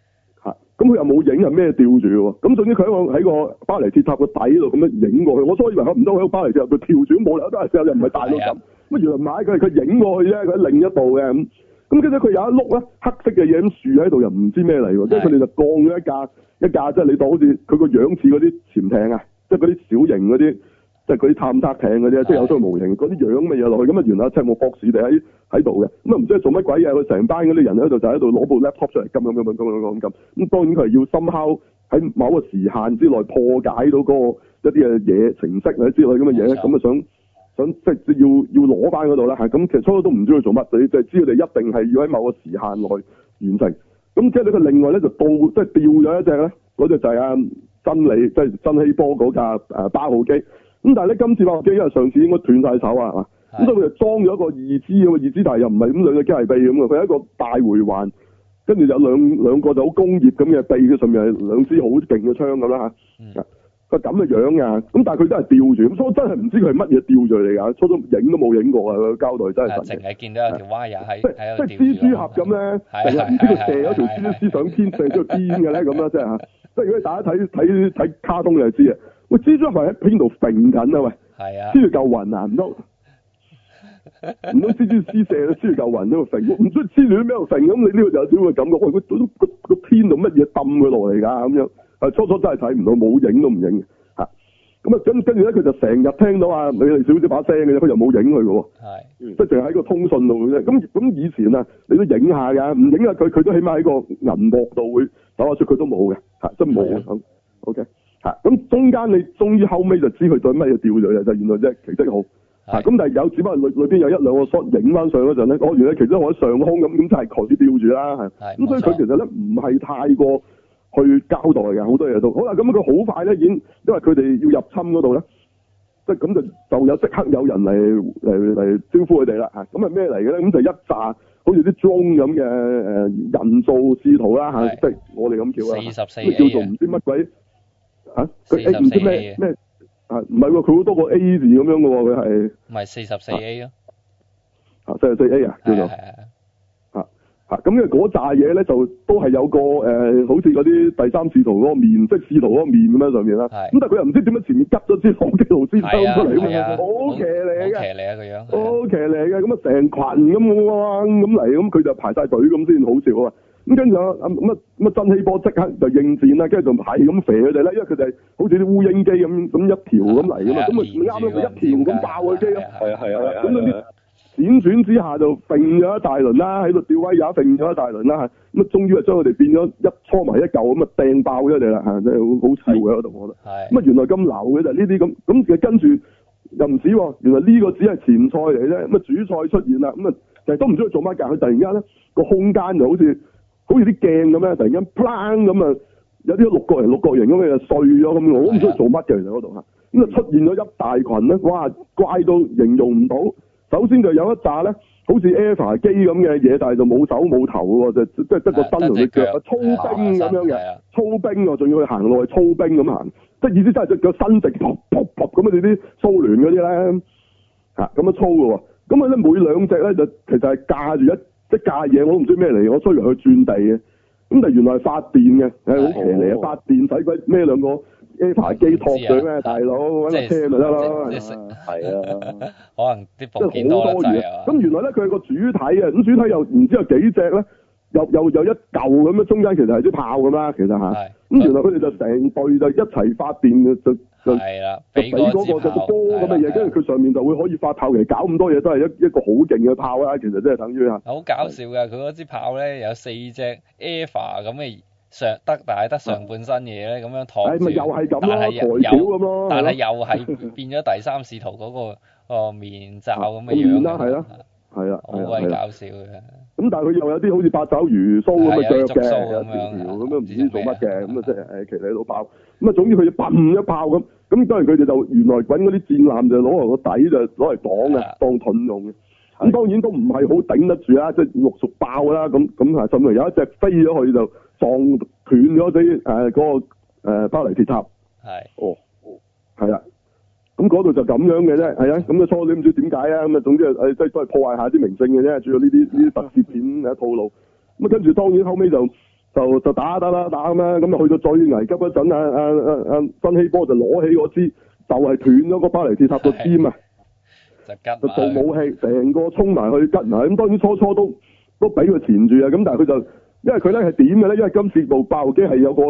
咁佢又冇影，係咩吊住喎？咁總之佢喺個喺個巴黎鐵塔個底度咁樣影過去，我初以，以為佢唔得，喺巴黎鐵塔度跳住冇啦。巴黎鐵塔又唔係大到咁，原來買佢佢影過去啫，佢喺另一度嘅咁。咁跟住佢有一碌咧黑色嘅嘢咁豎喺度，又唔知咩嚟喎。即係佢哋就降咗一架一架，即係、就是、你當好似佢個樣似嗰啲潛艇啊，即係嗰啲小型嗰啲，即係嗰啲探測艇嗰啲，即係、就是、有啲模型嗰啲樣嘅嘢落去。咁啊，原來赤木博士哋喺。喺度嘅咁啊，唔知佢做乜鬼嘢？佢成班嗰啲人喺度就喺度攞部 laptop 出嚟，撳咁咁咁咁咁咁撳。咁當然佢係要深敲喺某個時限之內破解到嗰一啲嘅嘢程式啊之類咁嘅嘢咁啊，想想即係要要攞翻嗰度啦。咁其實初初都唔知佢做乜，你就係知佢哋一定係要喺某個時限內完成。咁即係咧，佢另外咧就到即係掉咗一隻咧，嗰隻就係阿真理即係真希波嗰架誒八號機。咁、啊、但係咧，今次八號機因為上次應該斷晒手啊咁所以佢就裝咗一個二支咁啊，二支但係又唔係咁兩個機械臂咁啊，佢係一個大迴環，跟住有兩兩個就好工業咁嘅臂嘅上面兩支好勁嘅槍咁啦嚇，個咁嘅樣啊，咁但係佢都係吊住，咁所以真係唔知佢係乜嘢吊住嚟噶，初初影都冇影過啊，個交代真係神奇，直係見到有條蛙係喺即係蜘蛛俠咁咧，成日呢個射咗條蜘蛛絲上天，射咗個邊嘅咧咁啦，即係即係如果大家睇睇睇卡通你就知啊，喂蜘蛛俠喺喺邊度揈緊啊喂，黐住嚿雲啊唔得。嗯啊唔通蜘蛛絲射啊，輸嚿喺度成，唔知私亂咩度成咁？你呢個有啲乜感覺？喂，佢個個天度乜嘢抌佢落嚟噶咁樣？啊初初真係睇唔到，冇影都唔影，吓咁啊，啊跟跟住咧，佢就成日聽到啊，你小姐把聲嘅佢又冇影佢嘅喎。即係淨係喺個通訊度嘅啫。咁咁以前啊，你都影下噶，唔影下佢佢都起碼喺個銀幕度會走下出，佢都冇嘅，吓真冇 OK 吓咁中間你終於後尾就知佢對乜嘢掉咗就是、原來啫，奇蹟好。啊！咁但係有，只不過裏裏邊有一兩個 shot 影翻上嗰陣咧，我原來其實我喺上空咁，咁就係狂子吊住啦嚇。咁所以佢其實咧唔係太過去交代嘅好多嘢都。好啦，咁佢好快咧已經，因為佢哋要入侵嗰度咧，即係咁就就有即刻有人嚟嚟嚟招呼佢哋啦嚇。咁係咩嚟嘅咧？咁就是、一扎好似啲鐘咁嘅誒人造使徒啦嚇，即係、就是、我哋咁叫，四十四叫四十四啊，叫做唔知乜鬼嚇，佢誒唔知咩咩。啊，唔係喎，佢好多個 A 字咁樣嘅喎，佢係咪四十四 A 咯，啊？啊，四十四 A 啊，叫做啊啊，咁啊嗰扎嘢咧，就都係有個誒、呃，好似嗰啲第三使徒嗰個面，即係使徒嗰個面咁樣上面啦。係，咁但係佢又唔知點解前面急咗支朗基努斯先生出嚟，好騎呢嘅，好騎呢啊，佢樣，好騎呢嘅，咁啊成群咁樣咁嚟，咁佢就排晒隊咁先好笑啊！咁跟住啊咁啊咁啊真希波即刻就應戰啦，跟住就排起咁肥佢哋啦，因為佢哋好似啲烏蠅機咁咁一條咁嚟嘅嘛，咁啊啱啦，一條咁爆佢機咯，係啊係啊，咁嗰啲閃轉之下就揈咗一大輪啦，喺度吊威亞揈咗一大輪啦，咁啊終於啊將佢哋變咗一搓埋一嚿咁啊掟爆咗佢哋啦，嚇真係好好笑嘅嗰度，我覺得。係咁啊原來咁流嘅就呢啲咁，咁其實跟住又唔止喎，原來呢個只係前菜嚟啫，咁啊主菜出現啦，咁啊就係都唔知佢做乜嘅，佢突然間咧個空間就好似～好似啲鏡咁樣，突然間砰咁啊，有啲六角形、六角形咁樣就碎咗咁，我都唔知做乜嘅其實嗰度啊，咁啊出現咗一大群咧，哇怪到形容唔到。首先就有一隻咧，好似 EVA 機咁嘅嘢，但係就冇手冇頭喎，就即係得個身同隻腳啊，操兵咁樣嘅操兵啊，仲要去行落去操兵咁行，即係意思真係隻腳伸直，噗噗噗咁啊，你啲蘇聯嗰啲咧嚇咁啊粗嘅喎，咁啊咧每兩隻咧就其實係架住一。即架嘢我都唔知咩嚟，我衰嚟去轉地嘅，咁但原來係發電嘅，誒好奇嚟啊，發電使鬼咩兩個 A 排機托對咩？大佬揾個車咪得啦。係啊即， 可能啲貨幾多隻咁、就是、原來咧佢個主體啊，咁主體又唔知有幾隻咧？又有有，有一嚿咁樣，中間其實係啲炮咁啦，其實嚇。咁原來佢哋就成隊就一齊發電，就就的就俾嗰個人就多咁嘅嘢，跟住佢上面就會可以發炮，其實搞咁多嘢都係一一個好勁嘅炮啦，其實真係等於嚇。好搞笑㗎！佢嗰支炮咧有四隻 Eva 咁嘅上得，但係得上半身嘢咧咁樣躺住，但係又係變咗第三使徒嗰個、 呃、面罩咁嘅樣的。係啦、啊，係啦，係啦、啊。咁、啊啊、但係佢又有啲好似八爪魚須咁嘅著嘅，有條條咁樣，唔知做乜嘅，咁啊就即係誒，騎呢佬爆。咁啊，總之佢嘭一炮咁，咁當然佢哋就原來滾嗰啲戰艦就攞嚟個底就攞嚟擋嘅、啊，當盾用嘅。咁、啊、當然都唔係好頂得住啦，即係陸續爆啦。咁咁啊，甚至有一隻飛咗去就撞斷咗啲誒嗰個誒巴黎鐵塔。係、啊。哦。係、哦、啦。咁嗰度就咁樣嘅啫，係啊，咁嘅初你唔知點解啊，咁啊總之啊，誒都都係破壞下啲名勝嘅啫，仲有呢啲呢啲特攝片嘅套路。咁啊跟住當然後尾就就就打打打打咁啦，咁啊去到最危急嗰陣，啊啊啊啊分希波就攞起嗰支就係、是、斷咗個巴黎鐵塔個尖啊，就做武器，成個衝埋去吉拿。咁當然初初都都俾佢纏住啊，咁但係佢就因為佢咧係點嘅咧，因為今次部爆機係有個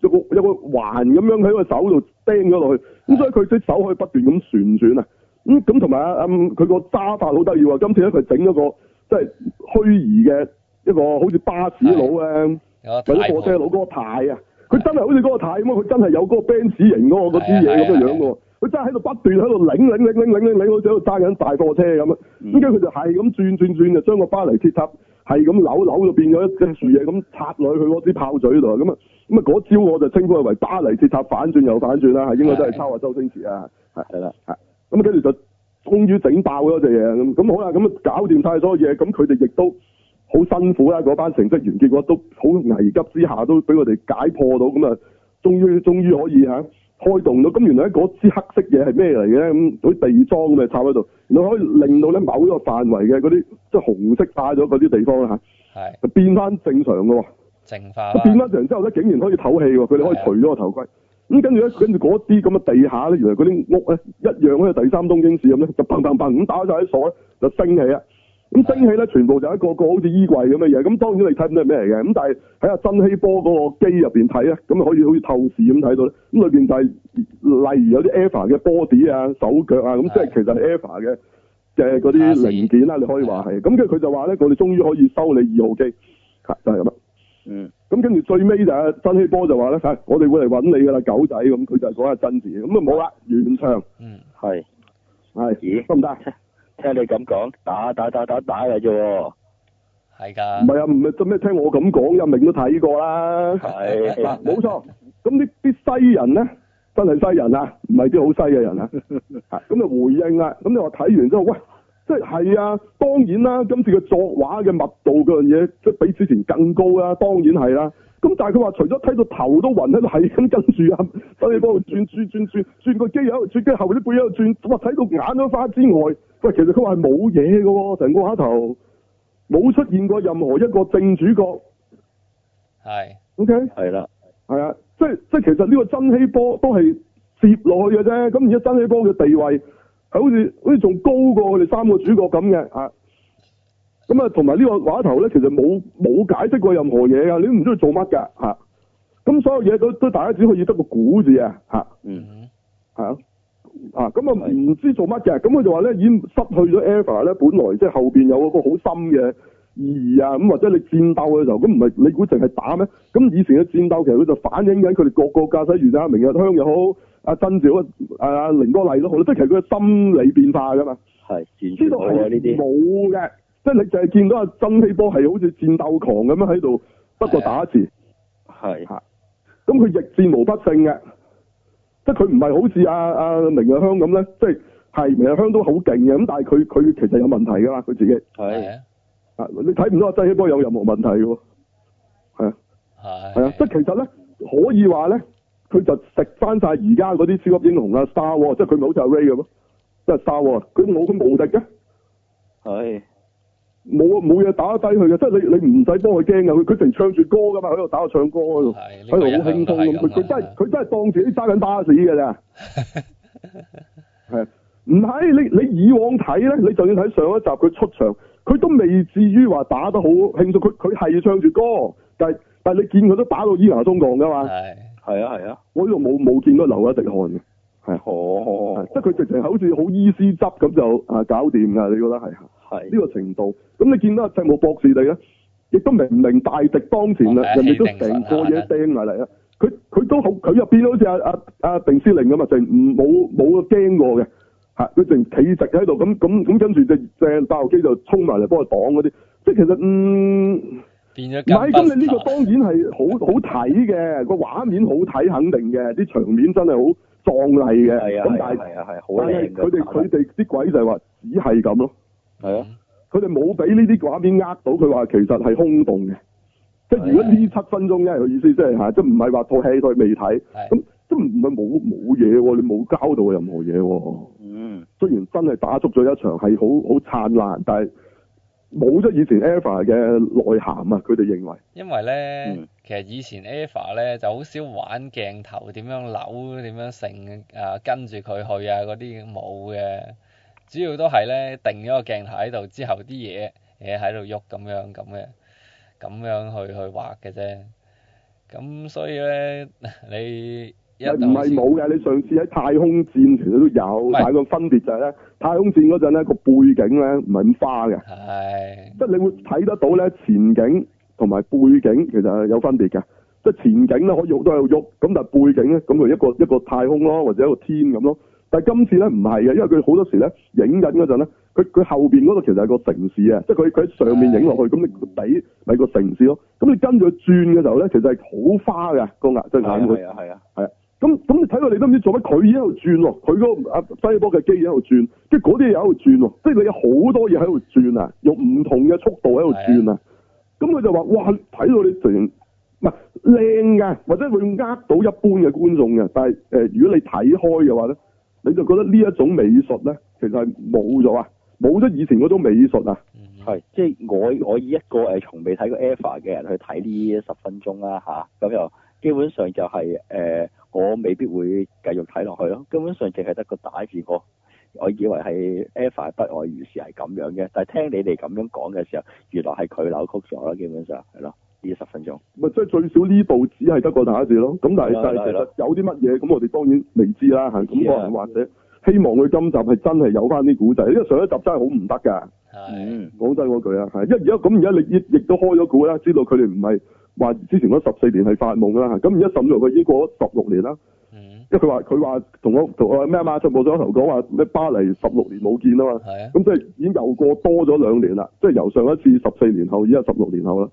有個有個環咁樣喺個手度。掟咗落去，咁所以佢隻手可以不斷咁旋轉啊，咁咁同埋啊，佢個揸法好得意啊！今次咧佢整咗個即係虛擬嘅一個好似巴士佬啊，或者貨車佬嗰個軚啊，佢真係好似嗰個軚咁啊！佢真係有嗰個 band 型嗰個嗰啲嘢咁嘅樣喎，佢真係喺度不斷喺度擰擰擰擰擰擰好似喺度揸緊大貨車咁啊！咁而家佢就係咁轉轉轉就將個巴黎鐵塔係咁扭扭就變咗一隻樹嘢咁插落去佢支炮嘴度咁啊！咁啊嗰招我就稱呼佢為巴黎鐵塔反轉又反轉啦，係應該都係抄下周星馳啊，係啦，咁跟住就終於整爆咗隻嘢咁，咁好啦，咁啊搞掂晒所有嘢，咁佢哋亦都好辛苦啦，嗰班成績員，結果都好危急之下都俾我哋解破到，咁啊，終於終於可以嚇開動到，咁原來嗰支黑色嘢係咩嚟嘅咁，啲、嗯、地裝咁咪插喺度，原來可以令到咧某一個範圍嘅嗰啲即係紅色曬咗嗰啲地方啦、啊、變翻正常噶喎。淨變翻成之後咧，竟然可以透氣喎！佢哋可以除咗個頭盔，咁跟住咧，跟住嗰啲咁嘅地下咧，原來嗰啲屋咧一樣似第三東京市咁咧，就砰砰砰咁打晒啲鎖咧，就升起啊！咁升起咧，全部就一個，個個好似衣櫃咁嘅嘢。咁當然你睇唔到係咩嚟嘅。咁但係喺個真希波嗰個機入邊睇咧，咁可以好似透視咁睇到咧。咁裏邊就係、係、例如有啲 Eva 嘅 body 啊、手腳啊，咁即係其實係 Eva 嘅嘅嗰啲零件啦、啊。你可以話係。咁跟住佢就話咧，我哋終於可以收你二號機。係就係咁啦。嗯，咁跟住最尾就係曾希波就話咧、哎，我哋會嚟揾你噶啦，狗仔咁，佢就講係真事，咁啊冇啦，原唱嗯，係，係，得唔得？聽你咁講，打打打打打嘅啫，係噶。唔係啊，唔係做咩？聽我咁講，一明都睇過啦。係，冇、 啊、錯。咁呢啲西人咧，真係西人啊，唔係啲好西嘅人啊。咁 就回應啦。咁你話睇完之後，喂。即係啊，當然啦，今次嘅作畫嘅密度嗰樣嘢，即係比之前更高啦，當然係啦、啊。咁但係佢話除咗睇到頭都暈喺度，係咁跟住啊，所以嗰轉轉轉轉轉個機油轉機後啲背喺度轉，哇睇到眼都花之外，喂，其實佢話係冇嘢噶，成個畫頭冇出現過任何一個正主角。係，OK，係啦，係啊，即係即係，其實呢個真希波都係接落去嘅啫。咁而家真希波嘅地位。好似好似仲高過我哋三個主角咁嘅，咁啊同埋呢個畫頭咧，其實冇冇解釋過任何嘢呀。你都唔知佢做乜噶，吓、啊，咁所有嘢都都大家只可以得個估字啊，吓，嗯，係啊，啊，咁、mm -hmm. 啊唔知，mm -hmm. 啊、知做乜嘅，咁佢就話咧，已經失去咗 Eva 咧，本來即係後邊有個個好深嘅。意義啊咁，或者你戰鬥嘅時候，咁唔係你估淨係打咩？咁以前嘅戰鬥其實佢就反映緊佢哋各個駕駛員啊，如明日香又好，阿真嗣啊，阿綾波麗都好，即係其實佢嘅心理變化噶嘛。係，知道係呢啲冇嘅，即係你淨係見到阿真希波係好似戰鬥狂咁樣喺度，不過打一次係吓，咁佢亦戰無不勝嘅，即係佢唔係好似阿阿明日香咁咧，即係係明日香都好勁嘅，咁但係佢佢其實有問題噶啦，佢自己係。你睇唔到阿甄姬波有任何問題嘅喎，係啊，係啊，即係其實咧，可以話咧，佢就食翻晒而家嗰啲超級英雄啊，Star Wars，即係佢咪好似阿 Ray 咁咯，即係 Star Wars，佢冇咁無敵嘅，係冇啊，冇嘢打得低佢嘅，即係你你唔使幫佢驚啊！佢佢成唱住歌噶嘛，喺度打啊唱歌喺度，喺度好輕鬆咁，佢真係佢真係當自己揸緊巴士嘅咋，係唔係你你以往睇咧，你就算睇上一集佢出場。佢都未至於話打得好，慶祝佢佢係唱住歌，但係但係你見佢都打到伊牙中狀㗎嘛？係係啊係啊，啊，我呢度冇冇見到流一滴汗嘅，係哦、啊，即係佢直情好似好伊斯汁咁就啊搞掂㗎，你覺得係係呢個程度？咁你見到阿、啊、赤木博士哋咧，亦都明唔明大敵當前啦、啊？人哋都成個嘢掟埋嚟，佢佢都好，佢又變到好似阿阿阿鄧詩玲咁啊，就唔冇冇驚過嘅。係佢淨企直喺度，咁咁咁跟住隻正爆機就衝埋嚟幫佢擋嗰啲。即係其實，唔唔係咁，你呢個當然係好好睇嘅，個 畫面好睇肯定嘅，啲場，場面真係好壯麗嘅。係啊係啊係啊係，好 但係佢哋佢哋啲鬼就話只係咁咯。係啊，佢哋冇俾呢啲畫面呃到佢話，其實係空洞嘅。 即係如果呢七分鐘咧，因為佢意思 即係係 即唔係話套戲佢未睇咁，即唔係冇冇嘢喎？你冇交到任何嘢喎。真係打足咗一場係好好燦爛，但係冇咗以前 EVA 嘅內涵啊！佢哋認為，因為咧、嗯，其實以前 EVA 咧就好少玩鏡頭，點樣扭、點樣成啊，跟住佢去啊嗰啲冇嘅，主要都係咧定咗個鏡頭喺度之後的東西在這這，啲嘢嘢喺度喐咁樣咁嘅，咁樣去去畫嘅啫。咁所以咧，你。唔係冇嘅，你上次喺太空戰其實都有，但係個分別就係、是、咧，太空戰嗰陣咧個背景咧唔係咁花嘅，即係你會睇得到咧前景同埋背景其實係有分別嘅，即係前景咧可以喐都有喐，咁但係背景咧咁佢一個一個太空咯，或者一個天咁咯。但係今次咧唔係嘅，因為佢好多時咧影緊嗰陣咧，佢佢後面嗰度其實係個城市啊，即係佢佢喺上面影落去，咁你個底咪個城市咯，咁你跟住佢轉嘅時候咧，其實係好花嘅個眼即係眼係啊係啊。咁咁，你睇到，你都唔知做乜，佢已經喺度轉喎，佢嗰個阿西波嘅機已經喺度轉，即嗰啲嘢喺度轉喎，即、就、係、是、你有好多嘢喺度轉啊，用唔同嘅速度喺度轉啊。咁佢就話：哇，睇到你成唔係靚㗎，或者會呃到一般嘅觀眾嘅。但係誒、呃，如果你睇開嘅話咧，你就覺得呢一種美術咧，其實係冇咗啊，冇咗以前嗰種美術啊。係、嗯、即係我我以一個誒從未睇過 Eva 嘅人去睇呢十分鐘啦吓，咁、啊、又基本上就係、是、誒。呃我未必會繼續睇落去咯，根本上淨係得個打字，我我以為係 fair 不外如是係咁樣嘅，但係聽你哋咁樣講嘅時候，原來係佢扭曲咗啦，基本上係咯，呢十分鐘咪即係最少呢部只係得個打字咯，咁、嗯、但係但係其實有啲乜嘢，咁我哋當然未知啦吓，咁、啊、可能或者希望佢今集係真係有翻啲古仔，因為上一集真係好唔得噶，講真嗰句啊，因為而家咁而家你亦亦都開咗股啦，知道佢哋唔係。話之前嗰十四年係發夢噶啦，咁而家十六，佢已經過咗十六年啦。嗯。因為佢話佢話同我同我咩啊嘛，進步頭講話咩巴黎十六年冇見啊嘛。係啊。咁、嗯、即係已經又過多咗兩年啦，即係由上一次十四年後，而家十六年後啦。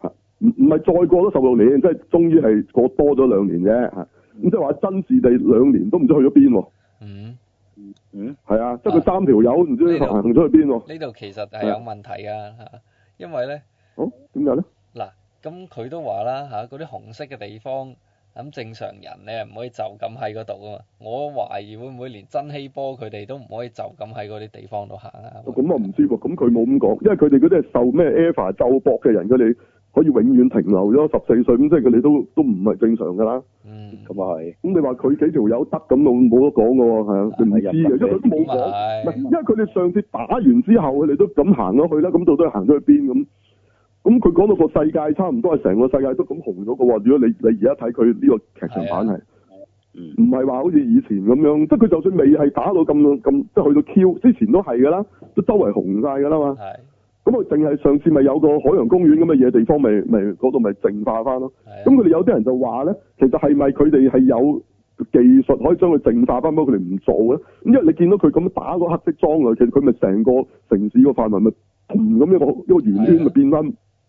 係。唔唔係再過咗十六年，即係終於係過多咗兩年啫。吓，咁即係話真嗣哋兩年都唔知去咗邊。嗯。嗯。係、嗯嗯、啊，啊，即係佢三條友唔知行咗、啊、去邊。呢、啊、度其實係有問題噶吓、啊，因為咧。好、哦。點解咧？嗱。咁佢都話啦吓，嗰、啊、啲紅色嘅地方，咁正常人你係唔可以就咁喺嗰度噶嘛？我懷疑會唔會連真希波佢哋都唔可以就咁喺嗰啲地方度行啊？咁我唔知喎，咁佢冇咁講，因為佢哋嗰啲係受咩 Eva 咒縛嘅人，佢哋可以永遠停留咗十四歲，咁即係佢哋都都唔係正常噶啦。嗯，咁啊係。咁你話佢幾條友得咁，冇得講噶喎，係啊，你、嗯、唔知嘅、啊哎，因為佢都冇講。唔、嗯、係，因為佢哋上次打完之後，佢哋都咁行咗去啦，咁到底行咗去邊咁？咁佢講到個世界差唔多係成個世界都咁紅咗個喎。如果你你而家睇佢呢個劇場版係，唔係話好似以前咁樣，即係佢就算未係打到咁咁，即係去到 Q 之前都係噶啦，都周圍紅晒噶啦嘛。咁啊，淨係上次咪有個海洋公園咁嘅嘢地方，咪咪嗰度咪淨化翻咯。咁佢哋有啲人就話咧，其實係咪佢哋係有技術可以將佢淨化翻，不過佢哋唔做咧？咁因為你見到佢咁打個黑色裝啊，其實佢咪成個城市個範圍咪，同咁、啊就是、一個一個圓圈咪變翻。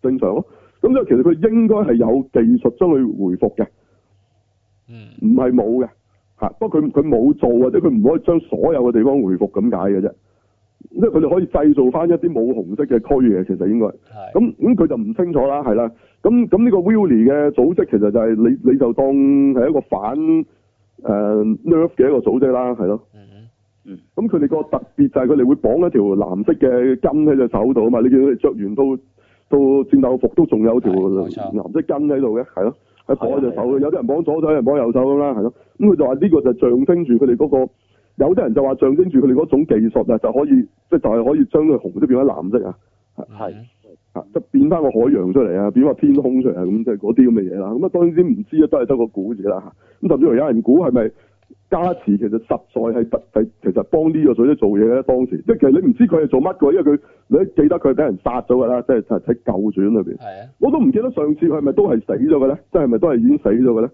正常咯，啊，咁即其實佢應該係有技術將佢回復嘅，嗯，唔係冇嘅吓。不過佢佢冇做或者佢唔可以將所有嘅地方回復咁解嘅啫，即係佢哋可以製造翻一啲冇紅色嘅區嘅。其實應該係咁咁，佢就唔清楚啦，係啦。咁咁呢個 Willie 嘅組織其實就係、是、你你就當係一個反誒、呃、Nerve 嘅一個組織啦，係咯，咁佢哋個特別就係佢哋會綁一條藍色嘅金喺隻手度啊嘛。你見佢哋着完都。到戰鬥服都仲有條藍色筋喺度嘅，係咯，喺左隻手嘅，有啲人綁左手，有人綁右手咁啦，係咯，咁佢就話呢個就象徵住佢哋嗰個，有啲人就話象徵住佢哋嗰種技術就就可以，即係就係、是、可以將佢紅色變咗藍色啊，係，啊，即係變翻個海洋出嚟啊，變個天空出嚟咁，即係嗰啲咁嘅嘢啦，咁啊當然唔知啊都係得個估字啦，咁甚至乎有人估係咪？加持其實實在係特係，其實幫呢個水姐做嘢咧。當時即係其實你唔知佢係做乜嘅，因為佢你記得佢係俾人殺咗㗎啦，即係喺舊傳裏邊。係啊，我都唔記得上次佢係咪都係死咗嘅咧？即係係咪都係已經死咗嘅咧？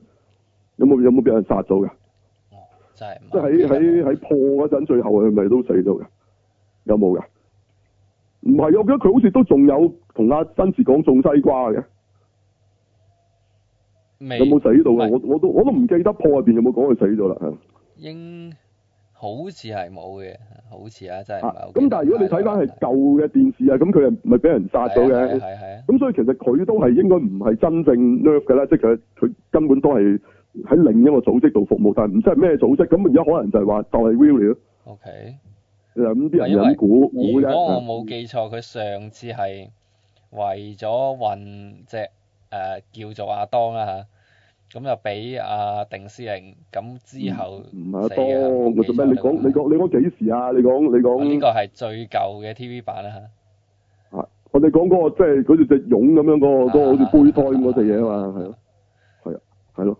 有冇有冇俾人殺咗㗎？哦、嗯，真係即係喺喺喺破嗰陣最後，佢係咪都死咗嘅？有冇㗎？唔係，我記得佢好似都仲有同阿新池講種西瓜嘅。有冇死到啊？我我都我都唔記得破入邊有冇講佢死咗啦，應好似係冇嘅，好似啊，真係。咁、啊、但係如果你睇翻係舊嘅電視啊，咁佢係咪俾人殺咗嘅？係係啊。咁所以其實佢都係應該唔係真正 NERV 嘅啦，即係佢佢根本都係喺另一個組織度服務，但係唔知係咩組織。咁而家可能就係話就係 WILLE OK。咁、okay、啲人引股，如果我冇記錯，佢上次係為咗運只。誒、呃、叫做阿當啦嚇，咁又俾阿定思玲，咁之後唔係、嗯、阿當，佢做咩？你講你講你講幾時啊？你講你講。呢、哦，這個係最舊嘅 TV 版啦、啊、吓，係、啊，我哋講嗰個即係好似隻蛹咁樣嗰個，嗰、就是那個、好似胚胎咁嗰隻嘢啊嘛，係咯，係啊，係咯。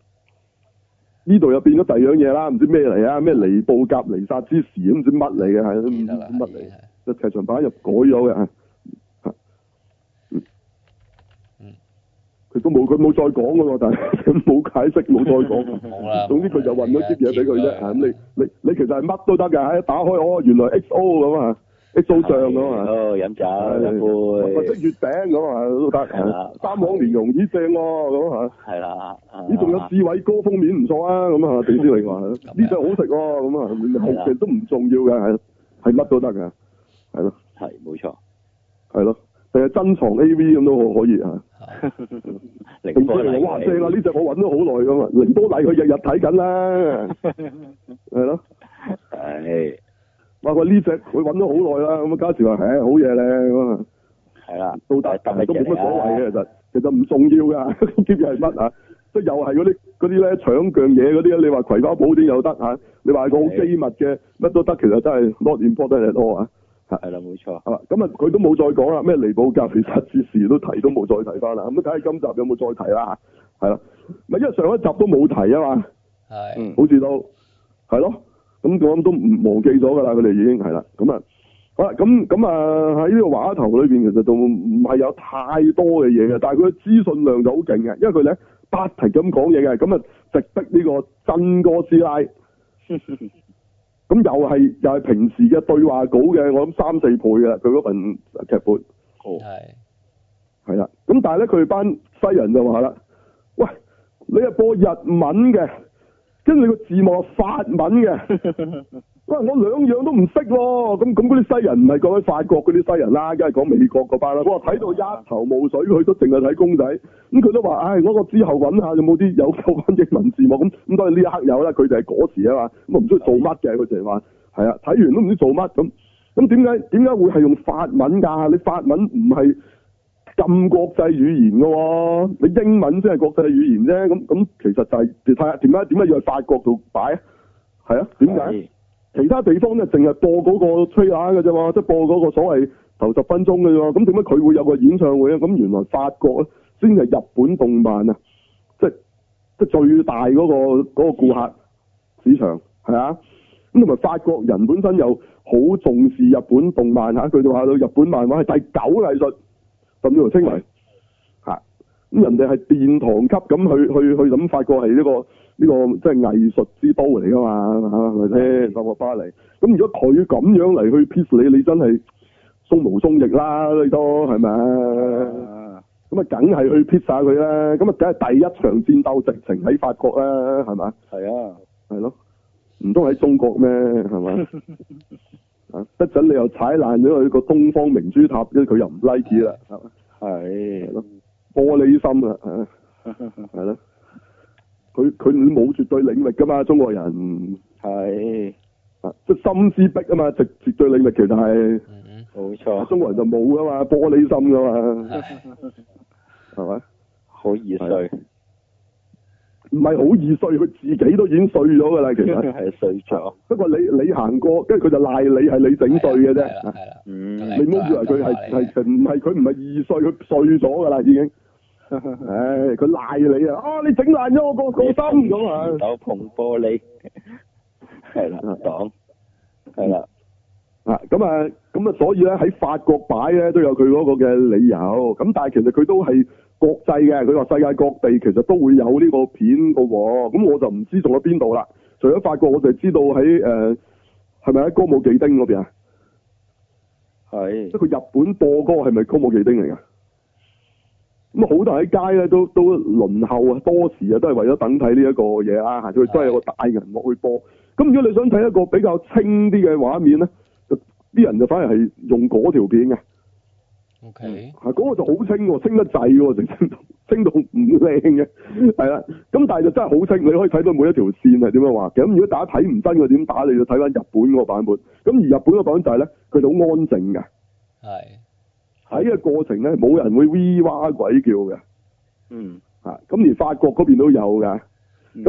呢度又變咗第二樣嘢啦，唔知咩嚟啊？咩、啊、尼布甲尼撒之時都唔知乜嚟嘅，係唔知乜嚟嘅。劇場版又改咗嘅。佢冇，佢冇再講噶咯，但係冇解釋，冇再講。冇啦。總之佢就運咗啲嘢俾佢啫。吓，咁、嗯、你你你其實係乜都得嘅。吓，打開哦，原來 X O 咁啊，X O 醬咁啊。哦，飲酒。一杯。或者、嗯、月餅咁啊都得。三黃蓮蓉耳正喎，咁啊。係啦。呢仲有智慧哥封面唔錯啊，咁啊，除此之外，呢隻好食喎，咁啊，係其實都唔重要嘅，係乜都得嘅，係咯。係，冇錯。係咯，誒，珍藏 A V 咁都可可以吓。零哥嚟，哇正啊！呢隻我揾咗好耐噶嘛，零都大佢日日睇緊啦，係咯，係。哇！佢呢隻佢揾咗好耐啦，咁啊 是的 加時話，唉、哎，好嘢靚咁啊，係啦，都大但係都冇乜所謂嘅，其實其實唔重要嘅，啲嘢係乜啊？即 又係嗰啲嗰啲咧搶腳嘢嗰啲，你話葵花寶典又得嚇，你話個好機密嘅乜都得，其實真係 not important at all 啊。係啦，冇錯，好啦。咁啊，佢都冇再講啦，咩離保交費實時都提都冇再提翻啦。咁睇下今集有冇再提啦？係啦，咪因為上一集都冇提啊嘛。係，好似都係咯。咁我都唔忘記咗噶啦，佢哋已經係啦。咁啊，好啦，咁咁啊喺呢個話頭裏邊，其實仲唔係有太多嘅嘢嘅，但係佢嘅資訊量就好勁嘅，因為佢咧不停咁講嘢嘅，咁啊值得呢個真哥師奶。 咁又係又係平時嘅對話稿嘅，我諗三四倍嘅佢嗰份劇本。哦、oh.，係，係啦。咁但係咧，佢哋班西人就話啦，喂，你係播日文嘅，跟住你個字幕係法文嘅。 喂，我兩樣都唔識喎，咁咁嗰啲西人唔係講喺法國嗰啲西人啦，梗係講美國嗰班啦。我睇到一頭霧水，佢都淨係睇公仔，咁佢都話：，唉，我個之後搵下有冇啲有教翻英文字幕。咁咁，當然呢一刻有啦，佢就係嗰時啊嘛，咁啊唔知做乜嘅，佢淨係話：，係啊，睇完都唔知做乜咁。咁點解點解會係用法文噶？你法文唔係禁國際語言噶？你英文先係國際語言啫。咁咁，其實就係睇下點解點解要去法國度擺？係啊，點解？其他地方咧，淨係播嗰個吹下嘅啫嘛，即係播嗰個所謂頭十分鐘嘅啫嘛。咁點解佢會有個演唱會啊？咁原來法國先係日本動漫啊，即係即係最大嗰個嗰個顧客市場，係咪啊？咁同埋法國人本身又好重視日本動漫嚇，佢仲話到日本漫畫係第九藝術，咁叫做稱為。咁人哋係殿堂級咁去去去諗，去法國係呢、這個呢、這個即係藝術之都嚟噶嘛？係咪先法國巴黎？咁、嗯、如果佢咁樣嚟去 piss 你，你真係鬆毛鬆翼啦，你都係咪咁啊，梗係去 piss 晒佢啦！咁啊，梗係第一場戰鬥直情喺法國啦，係咪？係啊，係咯，唔通喺中國咩？係咪？吓、 啊，一等一陣你又踩爛咗佢個東方明珠塔，因為佢又唔 like 啦，係、啊啊啊、咯？玻璃心啊，係咯，佢佢冇絕對領域噶嘛，中國人係啊，即心思逼啊嘛，直絕對領域，其實係冇錯，中國人就冇噶嘛，玻璃心噶嘛，係 咪？好易碎，易碎，唔係好易碎，佢自己都已經碎咗噶啦，其實係碎咗，不過你你行過，跟住佢就賴你係你整碎嘅啫，係、嗯、你唔好以為佢係係唔係佢唔係易碎，佢碎咗噶啦，已經。唉、 哎，佢賴你啊！啊，你整爛咗我個個心咁啊！拳頭碰玻璃，係 啦是的，擋係啦，啊咁啊，咁啊，所以咧喺法國擺咧都有佢嗰個嘅理由。咁但係其實佢都係國際嘅，佢話世界各地其實都會有呢個片噶喎。咁我就唔知仲喺邊度啦。除咗法國，我就知道喺誒，係咪喺歌舞伎町嗰邊啊？係。即係佢日本播歌係咪歌舞伎町嚟噶？咁好多人喺街咧都都輪候啊，多時啊，都係為咗等睇呢一個嘢啊，行出去真係個大銀幕去播。咁如果你想睇一個比較清啲嘅畫面咧，就啲人就反而係用嗰條片嘅。O K，嗰個就好清，清得滯，清到唔靚嘅，係 啦。咁但係就真係好清，你可以睇到每一條線係點樣畫嘅。咁如果大家睇唔真嘅點打，你就睇翻日本嗰個版本。咁而日本嘅版本就係、是、咧，佢好安靜嘅。係。呢個過程咧，冇人會 V 哇鬼叫嘅。嗯。吓，咁連法國嗰邊都有嘅。咁、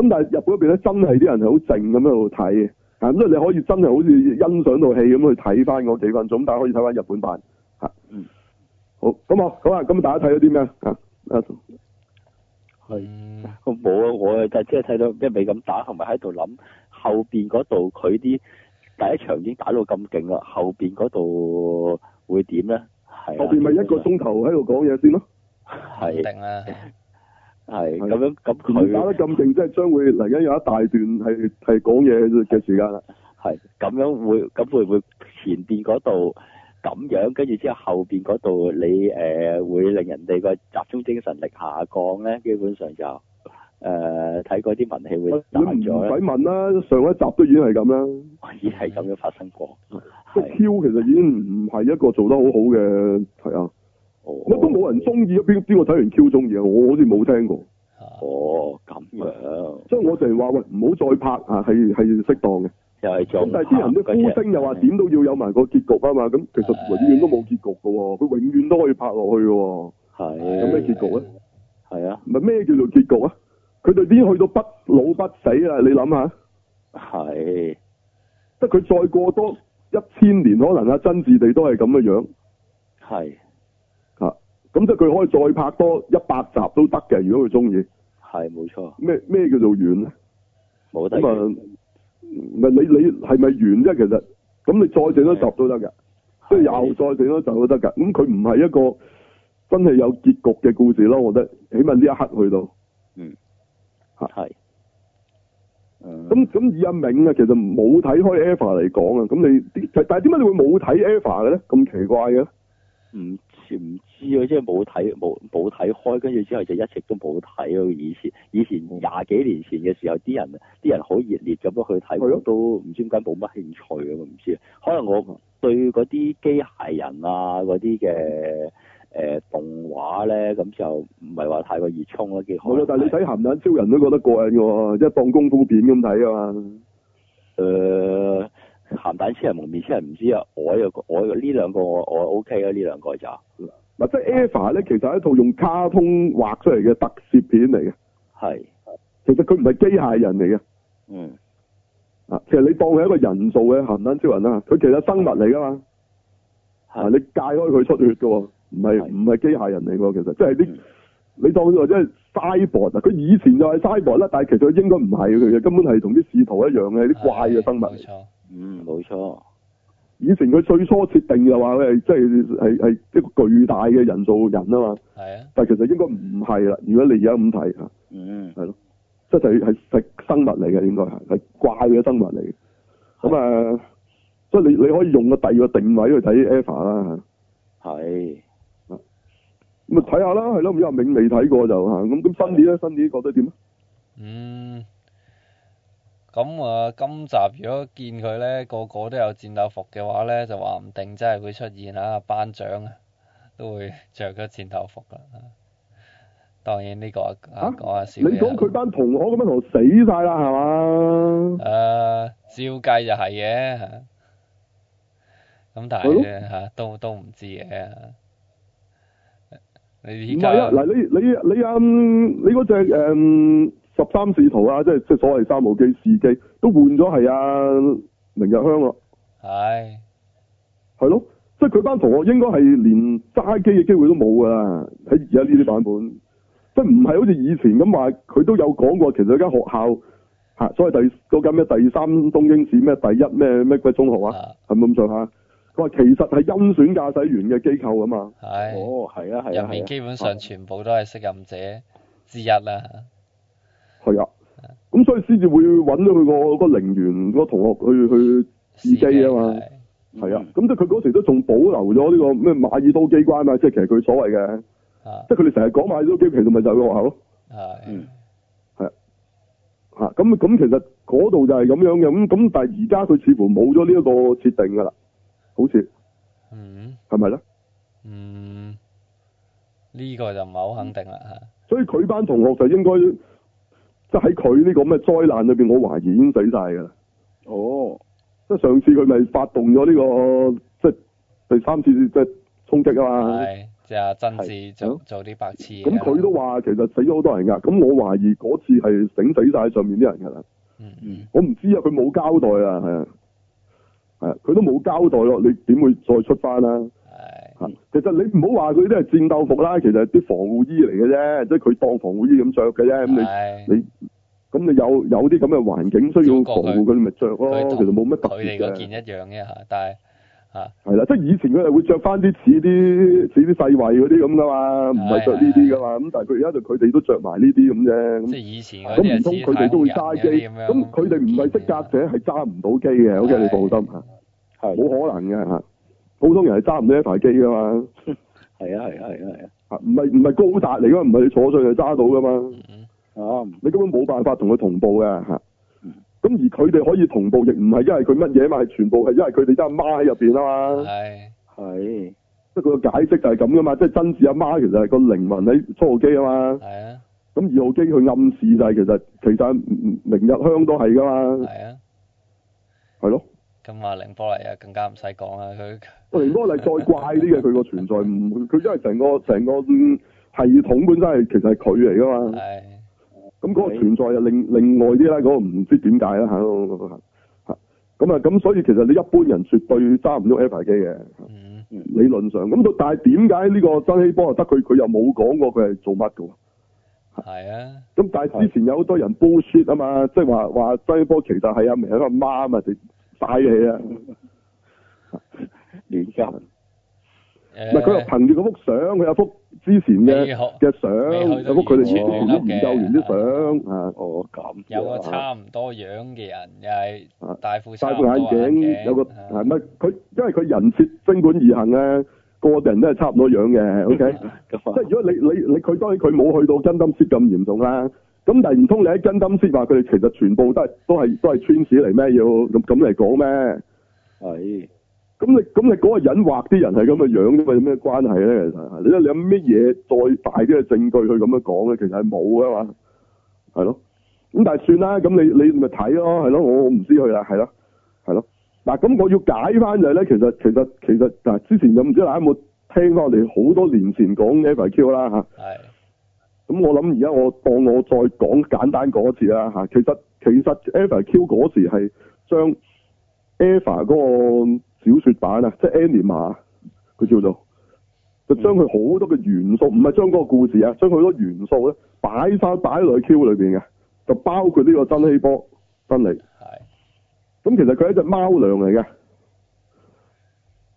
嗯、但係日本嗰邊咧，真係啲人係好靜咁喺度睇嘅。啊，咁你可以真係好似欣賞套戲咁去睇翻嗰幾分鐘，但家可以睇翻日本版。吓。嗯。好，咁啊，好啊，咁大家睇到啲咩啊？係、嗯。 我冇啊，我就即係睇到咩未咁打，同咪喺度諗後邊嗰度佢啲第一場已經打到咁勁啦，後邊嗰度會點咧？啊、後邊咪一個鐘頭喺度講嘢先咯，係定啦，係咁樣咁佢打得咁勁，即係將會嚟緊有一大段係係講嘢嘅時間啦。係咁樣會，咁會唔會前邊嗰度咁樣，跟住之後後邊嗰度你誒、呃、會令人哋個集中精神力下降咧？基本上就。誒、呃，睇過啲文戲會大咗？唔使問啦，上一集都已經係咁啦。咦，係咁樣發生過？即 Q，其實已經唔係一個做得好好嘅，係啊。乜都冇人中意啊？邊邊個睇完 Q 中意啊？我好似冇聽過。哦，咁樣，所以我成日話喂，唔好再拍啊，係係適當嘅。又係咁，但係啲人都呼聲又話點都要有埋個結局啊嘛？咁其實永遠都冇結局噶，佢永遠都可以拍落去噶。係。有咩結局咧？係啊。唔係咩叫做結局啊？佢哋啲去到不老不死啊！你諗下，係，即係佢再過多一千年，可能阿真嗣哋都係咁嘅樣，係，咁即係佢可以再拍多一百集都得嘅，如果佢中意，係，冇錯。咩咩叫做完咧？冇得咁啊，你你係咪完啫？其實，咁你再整多集都得嘅，即係又再整多集都得嘅。咁佢唔係一個真係有結局嘅故事咯，我覺得，起碼呢一刻去到。係，咁咁以阿銘啊，其實冇睇開 EVA 嚟講啊，咁你但係點解你會冇睇 EVA 嘅咧？咁奇怪嘅，唔知唔知啊，即係冇睇冇冇睇開，跟住之後就一直都冇睇咯。以前以前廿幾年前嘅時候，啲人啲人好熱烈咁樣去睇，我都唔知點解冇乜興趣，我唔知，可能我對嗰啲機械人啊嗰啲嘅。誒，動畫咧，咁就唔係話太過熱衷啦，幾好。係。 但係你睇鹹蛋超人都覺得過癮嘅喎，即係當功夫片咁睇啊嘛。誒，呃，鹹蛋超人蒙面超人，唔知啊，我有我呢兩個，個我我個 OK 啊，呢兩個就。嗱，嗯， 即係 Eva 咧，其實係一套用卡通畫出嚟嘅特攝片嚟嘅。係。其實佢唔係機械人嚟嘅。嗯。啊，其實你當佢係一個人造嘅鹹蛋超人啊，佢其實係生物嚟噶嘛。係。你界開佢出血嘅。唔係唔係機械人嚟㗎，其實即係啲你當咗即係 Cyborg 啊！佢以前就係 Cyborg 啦，但係其實佢應該唔係，佢根本係同啲使徒一樣嘅啲怪嘅生物嚟。嗯，冇錯。以前佢最初設定嘅話佢係即係係係一個巨大嘅人造人啊嘛。係啊。但係其實應該唔係啦，如果你而家咁睇啊。嗯。係咯，即係係食生物嚟嘅，應該係係怪嘅生物嚟。咁啊，即係你你可以用一個第二個定位去睇 Eva 啦，係。咁咪睇下啦，係咯，咁阿銘未睇過就吓，咁咁新年咧，新年覺得點啊？嗯，咁啊，今集如果見佢咧，個個都有戰鬥服嘅話咧，就話唔定真係會出現啊，班長啊，啊，啊，班啊，啊，啊，都會着咗戰鬥服噶啦。當然呢個啊，講下笑。你講佢班同學咁樣同死晒啦，係嘛？誒，照計就係嘅吓，咁但係呢，吓，都都唔知嘅。唔係啊，嗱你你你啊，你嗰隻誒十三使徒啊，即係即係所謂三號機試機都換咗係啊明日香咯，係，係咯，即係佢班同學應該係連揸機嘅機會都冇噶啦，喺而家呢啲版本， 即係唔係好似以前咁話，佢都有講過，其實有間學校嚇，所謂第嗰間咩第三東京市咩第一咩咩鬼中學啊，係咪咁上下？喂，其實係甄選駕駛員嘅機構啊嘛，係，哦，係啊，係啊，入面基本上全部都係適任者之一啦。係啊，咁所以先至會揾到佢、那個個鈴原個同學去去試機啊嘛，係啊，咁即係佢嗰時都仲保留咗呢、這個咩馬爾都機關啊，即係其,其實佢所謂嘅，即係佢哋成日講馬爾都機關，其實咪就係個口咯，嗯，係啊，嚇咁咁其實嗰度就係咁樣嘅，咁咁但係而家佢似乎冇咗呢一個設定㗎啦。好似，嗯，係咪咧？嗯，呢個就唔係好肯定啦吓。所以佢班同學就應該即係喺佢呢個咩災難裏邊，我懷疑已經死晒噶啦。哦，即係上次佢咪發動咗呢個即係第三次即係衝擊啊嘛。係，就係真志做做啲白痴。咁佢都話其實死咗好多人噶，咁我懷疑嗰次係整死晒上面啲人噶啦。嗯嗯。我唔知啊，佢冇交代啊，係啊。係、啊，佢都冇交代咯，你點會再出翻啦？係、啊，其實你唔好話佢啲係戰鬥服啦，其實係啲防護衣嚟嘅啫，即係佢當防護衣咁着嘅啫。咁你你咁你有有啲咁嘅環境需要防護，佢你咪着咯。其實冇乜特別嘅。佢哋嗰件一樣啫，但係。係啦，即係以前佢哋會着翻啲似啲似啲細圍嗰啲咁噶嘛，唔係着呢啲噶嘛，咁的但係佢而家就佢哋都着埋呢啲咁啫。即係以前唔通佢哋都會揸機咁，佢哋唔係識格者係揸唔到機嘅。的 O.K. 你放心吓，係冇的的可能嘅吓，普通人係揸唔到一台機噶嘛。係啊係啊係啊係啊，唔係唔係高達嚟噶，唔係你坐上去揸到噶嘛。嗯、啊，你根本冇辦法同佢同步嘅吓。咁而佢哋可以同步，亦唔係因為佢乜嘢嘛，係全部係因為佢哋阿媽喺入面啊嘛。係係，即係佢個解釋就係咁噶嘛，即係真治阿媽其實係個靈魂喺初號機啊嘛。係啊。咁二號機佢暗示就係、是、其實其實明日香都係噶嘛。係啊。係咯。咁啊，綾波麗啊，更加唔使講呀。佢。綾波麗再怪啲嘅，佢 個存在唔佢， 佢因為成個成個系統本身係其實係佢嚟噶嘛。係。咁、那、嗰個存在又另另外啲啦，嗰、那個唔知點解啦嚇，嚇咁啊咁，所以其實你一般人絕對揸唔到 Apple 機嘅，理論上。咁但係點解呢個周希波啊得佢？佢又冇講過佢係做乜噶喎？係啊。咁但係之前有好多人 bullshit 啊嘛，啊即係話話周希波其實係阿明個媽啊嘛，就擺氣啊，亂、嗯、搞。唔佢又憑住嗰幅相，佢有幅。之前嘅嘅相，咁佢哋啲研究員啲相，啊，哦咁，有個差唔多樣嘅人，又係戴副戴副眼鏡，眼鏡，有個係咪？佢、啊、因為佢人設分管而行個、okay? 啊，個啲人都係差唔多樣嘅，O K，即係如果你你你佢當然佢冇去到真金飾咁嚴重啦，咁但係唔通你喺真金飾話佢哋其實全部都係都係都係穿屎嚟咩？要咁咁嚟講咩？係、哎。咁你咁你嗰個人畫啲人係咁嘅樣啫嘛，有咩關係咧？其實你有咩嘢再大啲嘅證據去咁樣講咧？其實係冇嘅嘛，係咯。咁但係算啦，咁你你咪睇咯，係咯。我我唔知佢啦，係咯，係咯。嗱，咁我要解翻就係、是、咧，其實其實其實嗱、啊，之前就唔知大家有冇聽翻我哋好多年前講 EvaQ 啦嚇。係。咁、啊、我諗而家我當我再講簡單講次啦嚇、啊。其實其實 EvaQ 嗰時係將 Eva 嗰個。小說版啊，即係 Anima 佢叫做就將佢好多嘅元素，唔係將嗰個故事啊，將佢好多元素咧擺晒擺落去 Q 裏邊嘅，就包括呢個真希波真希波分離。係，咁其實佢係一隻貓娘嚟嘅，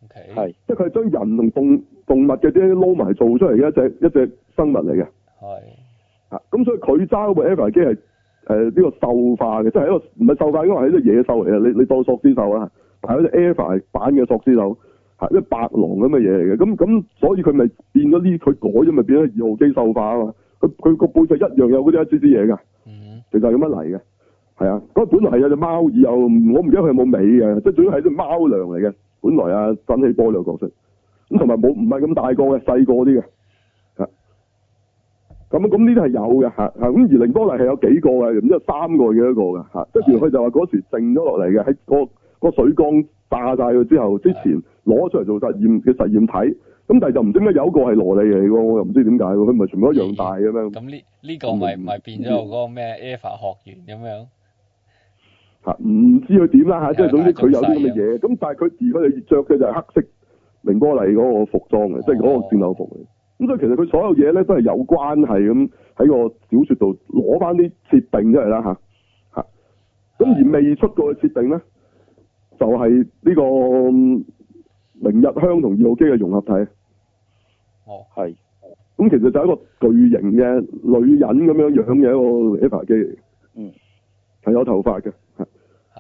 係、okay.，即係佢係將人同動動物嘅啲撈埋做出嚟嘅一隻一隻生物嚟嘅。係，啊，咁所以佢揸嗰部 EVA 機係誒呢個獸化嘅，即係一個唔係獸化，因為係一隻野獸嚟嘅。你你當屬之獸啊。係嗰隻 a i r f i e 版嘅索斯樓係一白狼咁嘅嘢嚟嘅。咁咁所以佢咪變咗呢？佢改咗咪變咗二號機獸化啊？佢佢個背脊一樣有嗰啲一啲啲嘢噶，mm -hmm. 其實咁樣嚟嘅。係啊，嗰本來係有隻貓耳又，我唔記得佢有冇尾嘅，即係最多係隻貓娘嚟嘅。本來啊，真係波倆角色咁，同埋冇唔係咁大個嘅，細個啲嘅。吓，咁咁呢啲係有嘅，吓吓。咁而綾波麗係有幾個嘅，咁即係三個嘅一個嘅。吓，跟住佢就話嗰時剩咗落嚟嘅喺個個水缸炸晒佢之後，之前攞出嚟做實驗嘅實驗體，咁但係就唔知點解有個係蘿莉嚟㗎，我又唔知點解，佢唔係全部一樣大嘅咩？咁呢呢個唔係唔係變咗個咩？Eva 學員咁樣吓，唔知佢點啦吓，即係、啊就是、總之佢有啲咁嘅嘢。咁、啊、但係佢而佢哋着嘅就係黑色明波璃嗰個服裝嘅，即係嗰個戰鬥服嘅。咁所以其實佢所有嘢咧都係有關係，咁喺個小說度攞翻啲設定出嚟啦吓吓。咁、啊啊、而未出過嘅設定咧？就係、是、呢個明日香同二號機嘅融合體。哦，係。咁其實就係一個巨型嘅女人咁樣樣嘅一個 F 型機嚟。嗯。係有頭髮嘅。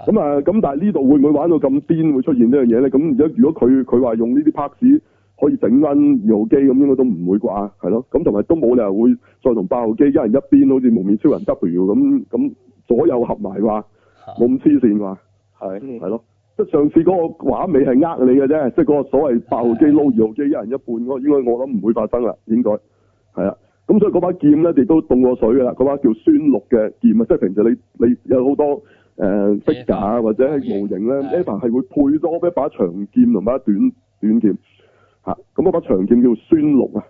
咁啊，咁、嗯、但係呢度會唔會玩到咁癲，會出現呢樣嘢咧？咁而家如果佢佢話用呢啲 parts 可以整翻二號機，咁應該都唔會啩，係咯？咁同埋都冇理由會再同八號機一人一邊，好似幪面超人 W 咁咁左右合埋啩，冇咁黐線啩，係。係咯。上次嗰個畫面係呃你嘅啫，即、就、嗰、是、個所謂八號機撈二號機一人一半應應該我諗唔會發生啦，應該係啦。咁所以嗰把劍咧，亦都凍過水噶啦。嗰把叫酸綠嘅劍，即係平時你你有好多誒、呃、飾架或者係模型咧 a p 係會配多一把長劍同一把短短劍嚇。咁嗰把長劍叫酸綠啊，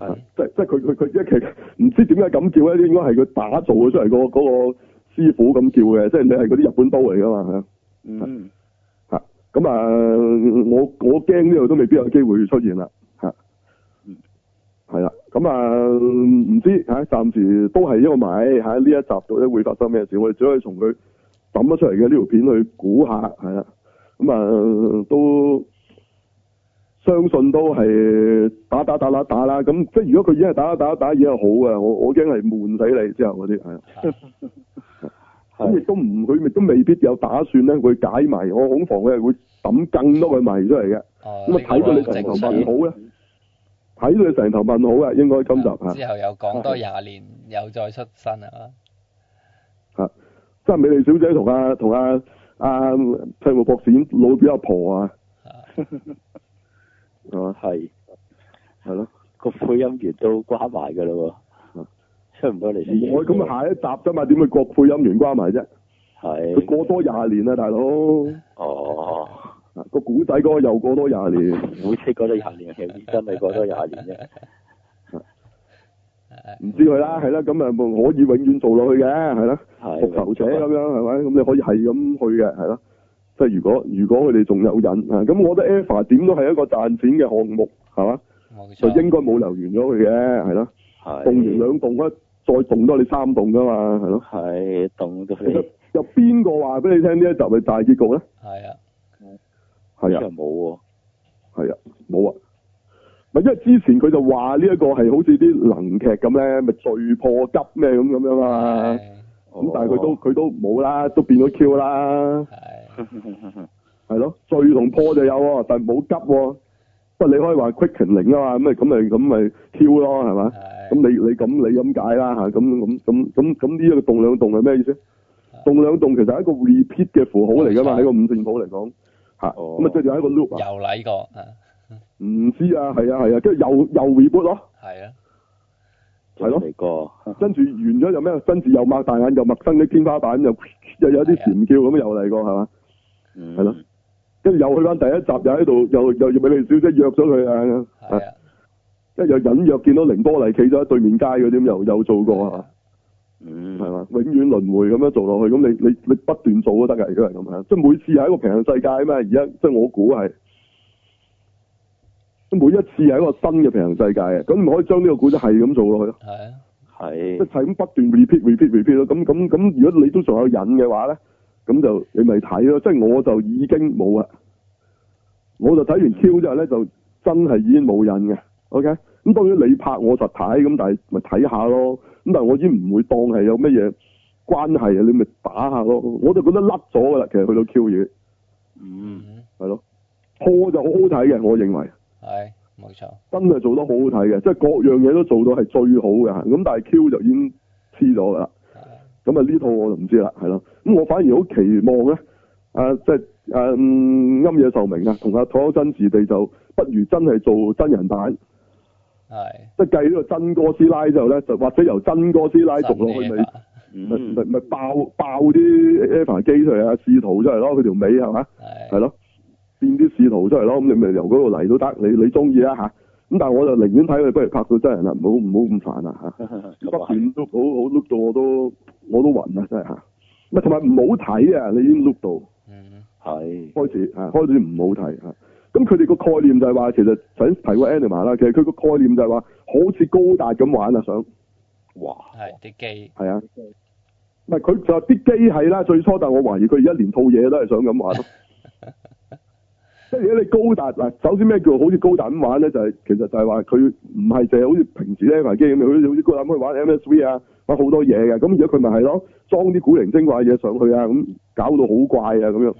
係即即係佢佢佢一奇唔知點解咁叫咧，應該係佢打造咗出嚟個嗰個師傅咁叫嘅，即係你係嗰啲日本刀嚟噶嘛，嗯。咁啊，我我驚呢度都未必有機會出現啦，吓，係啦，咁啊，唔知嚇，啊，暫時都係一個謎，喺呢一集到底會發生咩事，我哋只可以從佢抌咗出嚟嘅呢條片去估下，係啦，咁啊，都相信都係打打打打打啦，咁即係如果佢已經係打打打打已經係好嘅，我我驚係悶死你之後嗰啲， 咁亦都唔，佢亦都未必有打算咧，會解埋。我恐防佢係會抌更多嘅謎出嚟嘅。咁、哦、啊，睇到你成頭、哦，這個、問好咧，睇到你成頭問好嘅，應該今集啊。之後又講多廿年、啊，又再出新啊！啊，真係美麗小姐同阿同阿阿稅務博士已經老表阿婆啊！哦、啊，係係咯，個、 啊、配音員都瓜埋噶啦。出唔該，你我咁下一集啫嘛，點會各配音員關埋啫？係佢過多廿年啦，大佬。哦，個古仔哥又過多廿年，古仔嗰度廿年，而家過多廿年啫。唔 知佢啦，係啦，咁啊可以永遠做落去嘅，係啦，復仇者咁樣，係咪？咁你可以係咁去嘅，係啦。即係如果如果佢哋仲有癮啊，咁我覺得 EVA 點都係一個賺錢嘅項目，係嘛？就應該冇留完咗佢嘅，係咯。係。共營兩共再動都係你三動噶嘛，係咯。係動咗俾。有邊個話俾你聽呢一集係大結局咧？係啊，係啊。冇喎，係啊，冇啊。咪、啊、因為之前佢就話呢一個係好似啲能劇咁咧，咪序破急咩咁咁樣嘛。咁、啊嗯哦、但係佢都佢都冇啦，都變咗 Q 啦。係、啊。係 咯、啊，序同破就有，但係冇急喎、啊。不你可以話，就是，quickening 啊嘛，咁咪，咁咪跳咯係嘛，咁你你咁你咁解啦嚇，咁咁咁咁咁呢一個動兩動係咩意思？動兩動其實係一個 repeat 嘅符號嚟噶嘛，喺個五線譜嚟講嚇。咁啊最仲有一個 loop 啊又嚟過，唔知啊係啊，係啊跟住又又 repeat 咯，係啊，係咯，嚟過跟住完咗又咩？跟住又擘大眼又陌生嘅天花板，又又有啲蟬叫咁又嚟過，係嘛？係咯。即係又去翻第一集，又喺度，又又要俾你小姐約咗佢啊！係啊，即係又隱約見到綾波麗企咗喺對面街嗰啲，又有做過係嘛？係嘛、啊啊？永遠輪迴咁樣做落去，咁你你你不斷做都得㗎，如果係咁樣，即係、啊、每次係一個平行世界咩？而家即係我估係，每一次係一個新嘅平行世界嘅，咁唔可以將呢個股都係咁做落去咯。係啊，係、啊、一係咁不斷 repeat repeat repeat 咯。咁咁咁，如果你都仲有癮嘅話咧？咁就你咪睇咯，即係我就已經冇啦，我就睇完 Q 之後咧，就真係已經冇癮嘅，OK？咁當然你拍我實睇，咁但係咪睇下咯，咁但係我已經唔會當係有乜嘢關係啊，你咪打下咯，我就覺得甩咗噶啦，其實去到 Q 嘢，嗯，係、mm -hmm. 咯，破就好好睇嘅，我認為係，冇錯，真係做得好好睇嘅，mm -hmm. 即係各樣嘢都做到係最好嘅，咁但係 Q 就已經黐咗啦。咁啊呢套我就唔知啦，係咯，咁我反而好期望咧，啊即係、就是啊，嗯，暗夜守明啊，同阿樋口真嗣哋就不如真係做真人版，係，即係計呢個真哥斯拉之後咧，就或者由真哥斯拉讀落去咪咪咪爆爆啲 EVA 機出嚟啊，使徒出嚟咯，佢條尾係嘛，係，係咯，變啲使徒出嚟咯，咁你咪由嗰度嚟都得，你你中意啦吓。咁但係我就寧願睇佢，不如拍到真人啦，唔好唔好咁煩啊嚇！不 斷都好好碌到，我都我都暈啦真係嚇，同埋唔好睇啊，你已經碌到，嗯，係開始嚇，開始唔好睇嚇。咁佢哋個概念就係話，其實頭先提過 Anima 啦，其實佢個概念就係話，好似高達咁玩啊，想，哇，係啲機，係啊，佢就啲機係啦，最初，但我懷疑佢一連套嘢都係想咁玩 而且你高達嗱，首先咩叫好似高達咁玩咧？就係、是、其實就係話佢唔係淨係好似平時咧玩機咁，佢好似高達可以玩 MSV 啊，玩好多嘢嘅。咁而且佢咪係咯，裝啲古靈精怪嘅嘢上去啊，咁搞到好怪啊，咁樣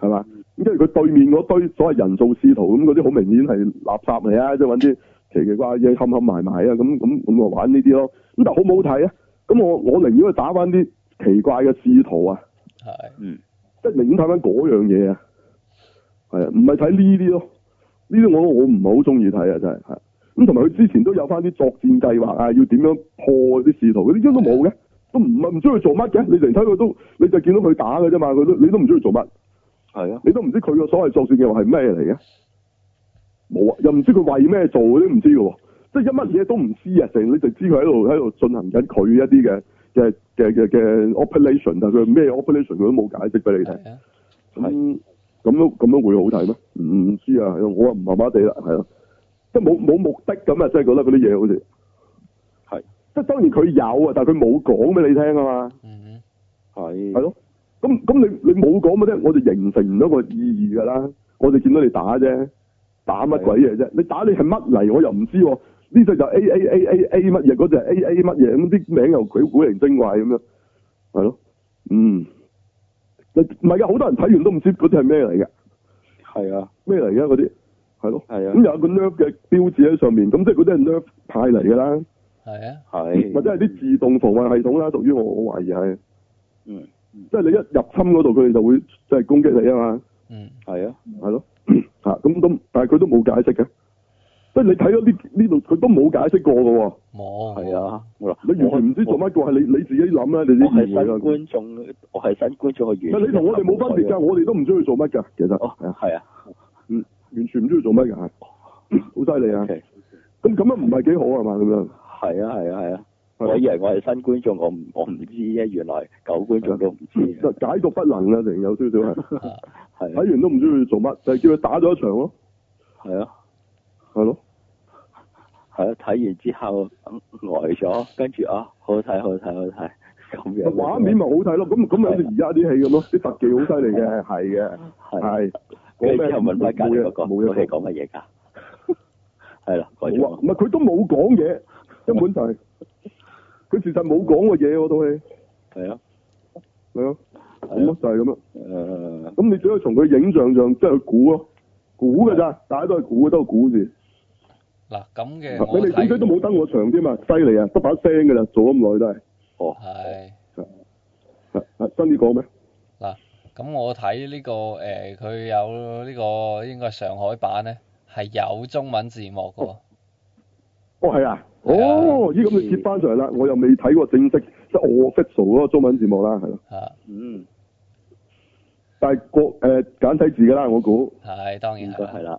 係嘛？咁即係佢對面嗰堆所謂人造使徒咁嗰啲，好明顯係垃圾嚟啊，即係揾啲奇奇怪嘢冚冚埋埋啊，咁咁咁啊玩呢啲咯。咁但係好唔好睇啊？咁我我寧願去打翻啲奇怪嘅使徒啊，嗯，即係寧願睇翻嗰樣嘢啊。係啊，唔係睇呢啲咯，呢啲我我唔係好中意睇啊，真係係咁同埋佢之前都有翻啲作戰計劃啊，要點樣破啲使徒，嗰啲都冇嘅，都唔係唔鍾意做乜嘅，你嚟睇佢都，你就見到佢打嘅啫嘛，佢都你都唔鍾意做乜，係啊，你都唔知佢嘅所謂作戰計劃係咩嚟嘅，冇啊，又唔知佢為咩做，都唔知嘅，即係一乜嘢都唔知啊，成你就知佢喺度喺度進行緊佢一啲嘅嘅嘅嘅 operation 啊，佢咩 operation 佢都冇解釋俾你睇，咁、嗯。咁樣咁樣都會好睇咩？唔知啊，我話唔麻麻地啦，係咯，即係冇冇目的咁啊！即係覺得嗰啲嘢好似係，即係當然佢有啊，但係佢冇講俾你聽啊嘛。嗯，係。係咯，咁咁你、嗯、你冇講俾我聽，我就形成唔到個意義噶啦。我就見到你打啫，打乜鬼嘢、啊、啫？你打你係乜嚟？我又唔知、啊。呢隻就 A A A A A 乜嘢，嗰隻 A A 乜嘢，咁啲名又佢古靈精怪咁樣，係咯，嗯。唔係啊！好多人睇完都唔知嗰啲係咩嚟㗎，係啊，咩嚟㗎嗰啲，係咯，係咁有一個 NERV 嘅標誌喺上面，咁即係嗰啲係 NERV 派嚟㗎啦，係啊，係 或者係啲自動防衛系統啦，屬於我我懷疑係，嗯，即係你一入侵嗰度，佢哋就會即係、就是、攻擊你啊嘛，嗯，係啊，係是咯，嚇咁咁，但係佢都冇解釋嘅。即係你睇到呢呢度，佢都冇解釋過噶喎。冇、哦，係啊，你完全唔知做乜嘅，係你你自己諗啊，你啲智慧啊。觀眾，我係新觀眾嘅原。咪你同我哋冇分別噶，我哋都唔知佢做乜噶。其實，係、哦、啊，係啊，完全唔知佢做乜嘅，哦、 好犀利啊！咁、okay. 咁啊，唔係幾好啊嘛，咁樣、啊。係啊係啊係啊！我以為我係新觀眾，我唔我唔知啫，原來舊觀眾、啊、都唔知道。就解讀不能啦，定有少少係。睇、啊 啊、完都唔知佢做乜，就係、叫佢打咗一場咯。係啊。係咯，係咯，睇完之後呆咗，跟住啊，好睇，好睇，好睇，咁樣。畫面咪好睇咯，咁咁就而家啲戲咁咯，啲特技好犀利嘅，係嘅，係。咁咩？又問乜嘢，冇嘢，套戲講乜嘢噶？係啦，唔係佢都冇講嘢，根本就係、是。佢其實冇講過嘢喎，套戲。係啊，係啊，冇、嗯嗯嗯、就係、是、咁樣。誒、嗯，咁你只可以從佢影像上即係估咯，估噶咋，大家都係估，都係估住。嗱咁嘅，我哋仔都冇登我場添嘛，犀利啊，得把聲噶啦，做咁耐都係。哦，係，係、哦、真嘅講咩？嗱、這個，咁我睇呢個誒，佢有呢個應該上海版咧，係有中文字幕噶。哦係、哦、啊，哦，依、嗯、咁就接翻上嚟啦，我又未睇過正式，即係 official 嗰個中文字幕啦，係咯。啊，嗯。但係國誒簡體字噶啦，我估。係，當然係啦。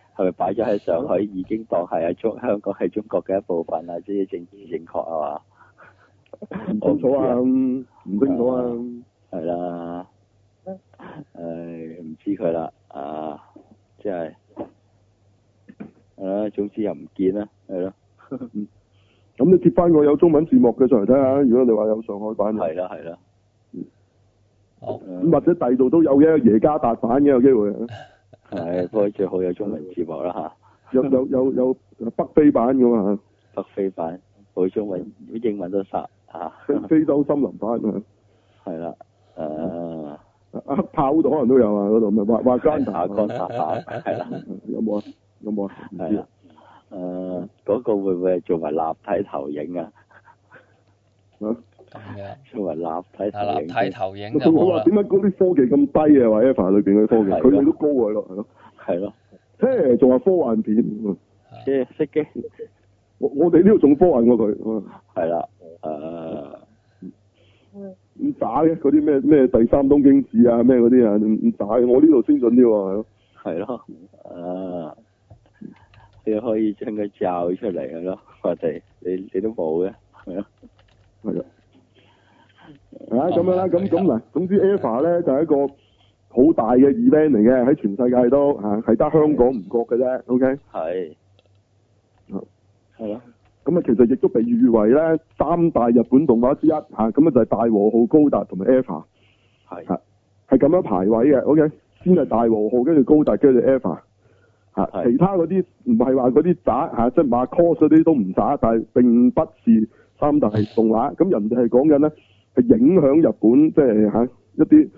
佢擺咗喺上海，已經當係喺中香港係中國嘅一部分啦，呢啲政治正確係嘛？唔清楚啊，唔清楚啊，係啦，誒、哎、唔知佢啦啊，即係，係啦，總之又唔見啦，係咯。咁 你接翻個有中文字幕嘅上嚟睇下，如果你話有上海版，係啦係啦，咁、嗯啊、或者第二度都有嘅，耶加達版嘅有機會。係，不過最好有中文字幕啦吓。有有有有北非版嘅嘛？北非版冇中文，英文都殺吓。非洲森林版啊。係啦。啊啊！炮黨人都有是啊，嗰度咪華華干打干打係啦。有冇啊？有冇？係啊。誒，嗰個會唔會係做埋立體投影啊？咁啊，出為立睇投影，係立體投影啊！我話點解嗰啲科技咁低啊？或者裏邊啲科技，佢哋都高喎咯，係咯，係咯，嘿，仲話科幻片，誒，識嘅，我我哋呢度仲科幻過佢，係啦，誒、啊，唔打嘅嗰啲咩咩第三東京市啊，咩嗰啲啊，唔打嘅，我呢度先準啲喎，係咯，係咯，誒、啊，你可以將佢照出嚟嘅咯，我哋你你都冇嘅，係咯，啊，咁樣啦，咁咁嗱，總之呢《Eva》咧就係、是、一個好大嘅 event 嚟嘅，喺全世界都吓係得香港唔覺嘅啫。OK，係係啦咁啊，其實亦都被譽為咧三大日本動畫之一吓，咁啊，啊就係《大和號高達》同埋《Eva》，係係係咁樣排位嘅。OK，先係《大和號》，跟住《啊 okay? 高達》Eva，啊，跟住《Eva》，吓其他嗰啲唔係話嗰啲渣吓，即係 Macross 嗰啲都唔渣，但係並不是三大動畫。咁人哋係講緊咧。係影響日本，即係吓、啊、一啲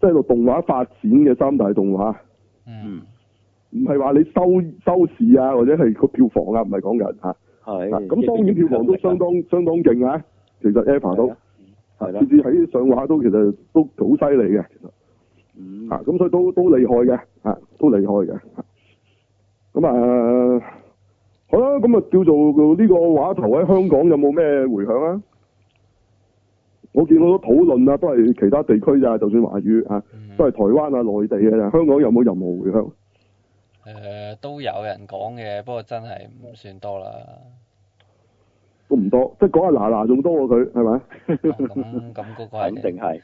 即係動動畫發展嘅三大動畫。嗯，唔係話你收收視啊，或者係個票房啊，唔係講緊吓。係、啊。咁、啊啊、當然票房都相當、啊、相當勁啊！其實 EVA 都係甚至喺上畫都其實都好犀利嘅。咁、嗯啊、所以都都厲害嘅吓，都厲害嘅。咁啊，啊，好啦，咁啊叫做呢個畫頭喺香港有冇咩回響啊？我見好多討論啊，都係其他地區咋，就算華語啊、嗯，都係台灣啊、內地啊，香港有冇任何回響，呃？都有人講嘅，的不過真係唔算多啦。都唔多，即係講下娜娜仲多過佢，係咪？咁咁嗰個肯定一定係，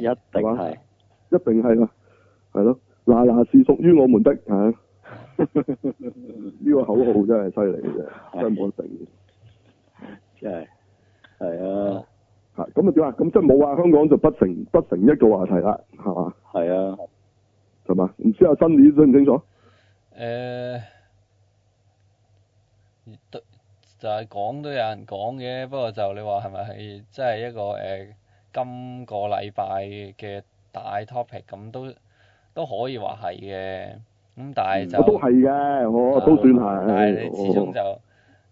一定係啦，係咯，娜娜是屬於我們的，係、啊。呢 個口號真係犀利嘅，真係冇得頂。真係，係啊。 咁啊？點啊？咁即係冇話香港就不成不成一個話題啦，係嘛？係啊，係嘛？唔知阿 Sunny 清唔清楚？誒、呃，就係、是、講都有人講嘅，不過就你話係咪真係一個誒、呃、今個禮拜嘅大 topic 咁都都可以話係嘅，咁但係就都係嘅，我都算係、嗯。但係你始終就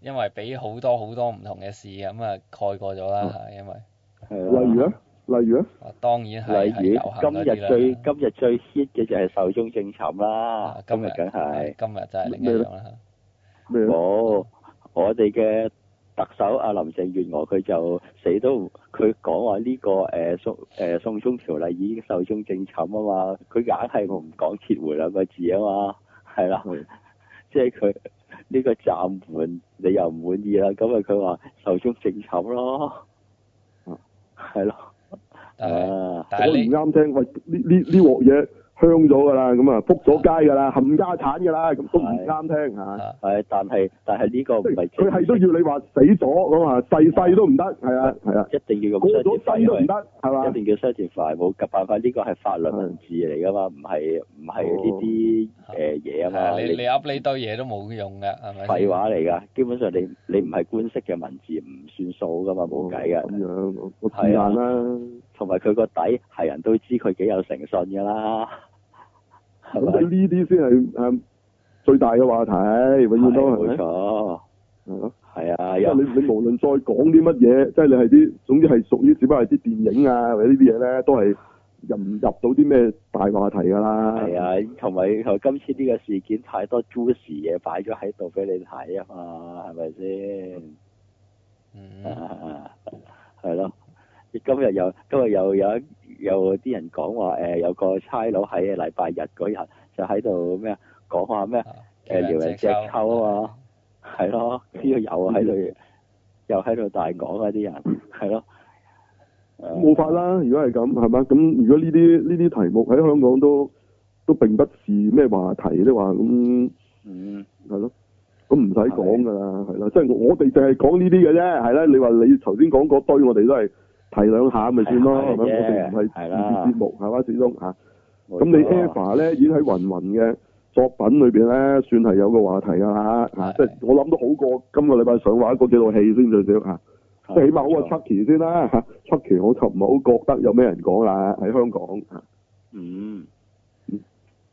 因為俾好多好多唔同嘅事咁啊蓋過咗啦，係，因為很多很多。啊、例如啊，例如啊，啊當然係。例如的今日最今日最 hit 嘅就係壽終正寢啦、啊。今日梗係今日真係另一樣啦？咩、啊？冇、啊，我哋嘅特首阿林鄭月娥佢就死都佢講話呢個誒、呃、送誒、呃、送中條例已經壽終正寢啊嘛，佢硬係唔講撤回兩個字啊嘛，係啦、啊，即係佢呢個暫緩你又唔滿意啦，咁啊佢話壽終正寢咯。係咯， 啊，我唔啱聽，喂，呢呢呢鑊嘢。香咗噶啦，咁啊覆咗街噶啦，冚家產噶啦，咁都唔啱聽嚇。係，但係但係呢個唔係。佢係需要你話死咗咁啊，細細都唔得，係啊，係啊，一定要個過咗身都唔得，係嘛？一定要 s e r i f f，冇辦法，呢個係法律文字嚟㗎嘛，唔係唔係呢啲誒嘢啊嘛。你你噏呢堆嘢都冇用㗎，係咪？廢話嚟㗎，基本上你你唔係官式嘅文字唔算數㗎嘛，冇計㗎。咁、oh，樣，好難啦。同埋佢個底係人都知佢幾有誠信㗎啦。呢啲先係誒最大嘅話題，永遠都係冇錯，係咯，係啊，因為你你無論再講啲乜嘢，即係你係啲，總之係屬於只不過係啲電影啊或者呢啲嘢咧，都係入唔入到啲咩大話題㗎啦。係啊，同埋今次呢個事件太多 juicy 嘢擺咗喺度俾你睇啊嘛，係咪先？嗯，係啊，係咯。今日又今日又有有啲人講話、呃、有個差佬喺禮拜日嗰日就喺度咩講話咩誒，撩人隻溝啊嘛，係咯，呢個、啊嗯、又喺度、嗯、又喺度大講啊！啲人係咯，冇、嗯、法啦！如果係咁係嘛咁，如果呢啲呢啲題目喺香港都都並不是咩話題的話，即話咁嗯係咯，咁唔使講噶啦，係啦，即係我哋淨係講呢啲嘅啫，係啦。你話你頭先講嗰堆，我哋都係。提兩下咪算囉，係咪我哋唔係電視節目係嘛，始終咁、哦、你 Eva 呢已經喺雲雲嘅作品裏面呢，算係有個話題㗎啦。即係我諗都好過今個禮拜上畫一個幾套戲先，最少即係起碼好過 Chucky 先啦嚇。Chucky 好，我就唔係好覺得有咩人講啦喺香港。嗯，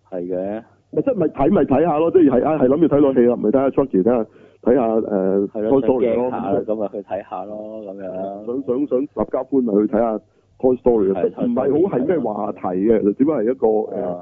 係、哦、嘅。咪即係咪睇咪睇下囉，即係係係諗住睇套戲啦，咪睇下 Chucky 呢。睇、呃、下誒，Toy Story 嚟咯，咁咪去睇下咯，咁樣。想想想，立交搬咪去睇下 Toy Story 咯、啊，唔係好係咩話題嘅，只、啊啊嗯、不過係一個誒，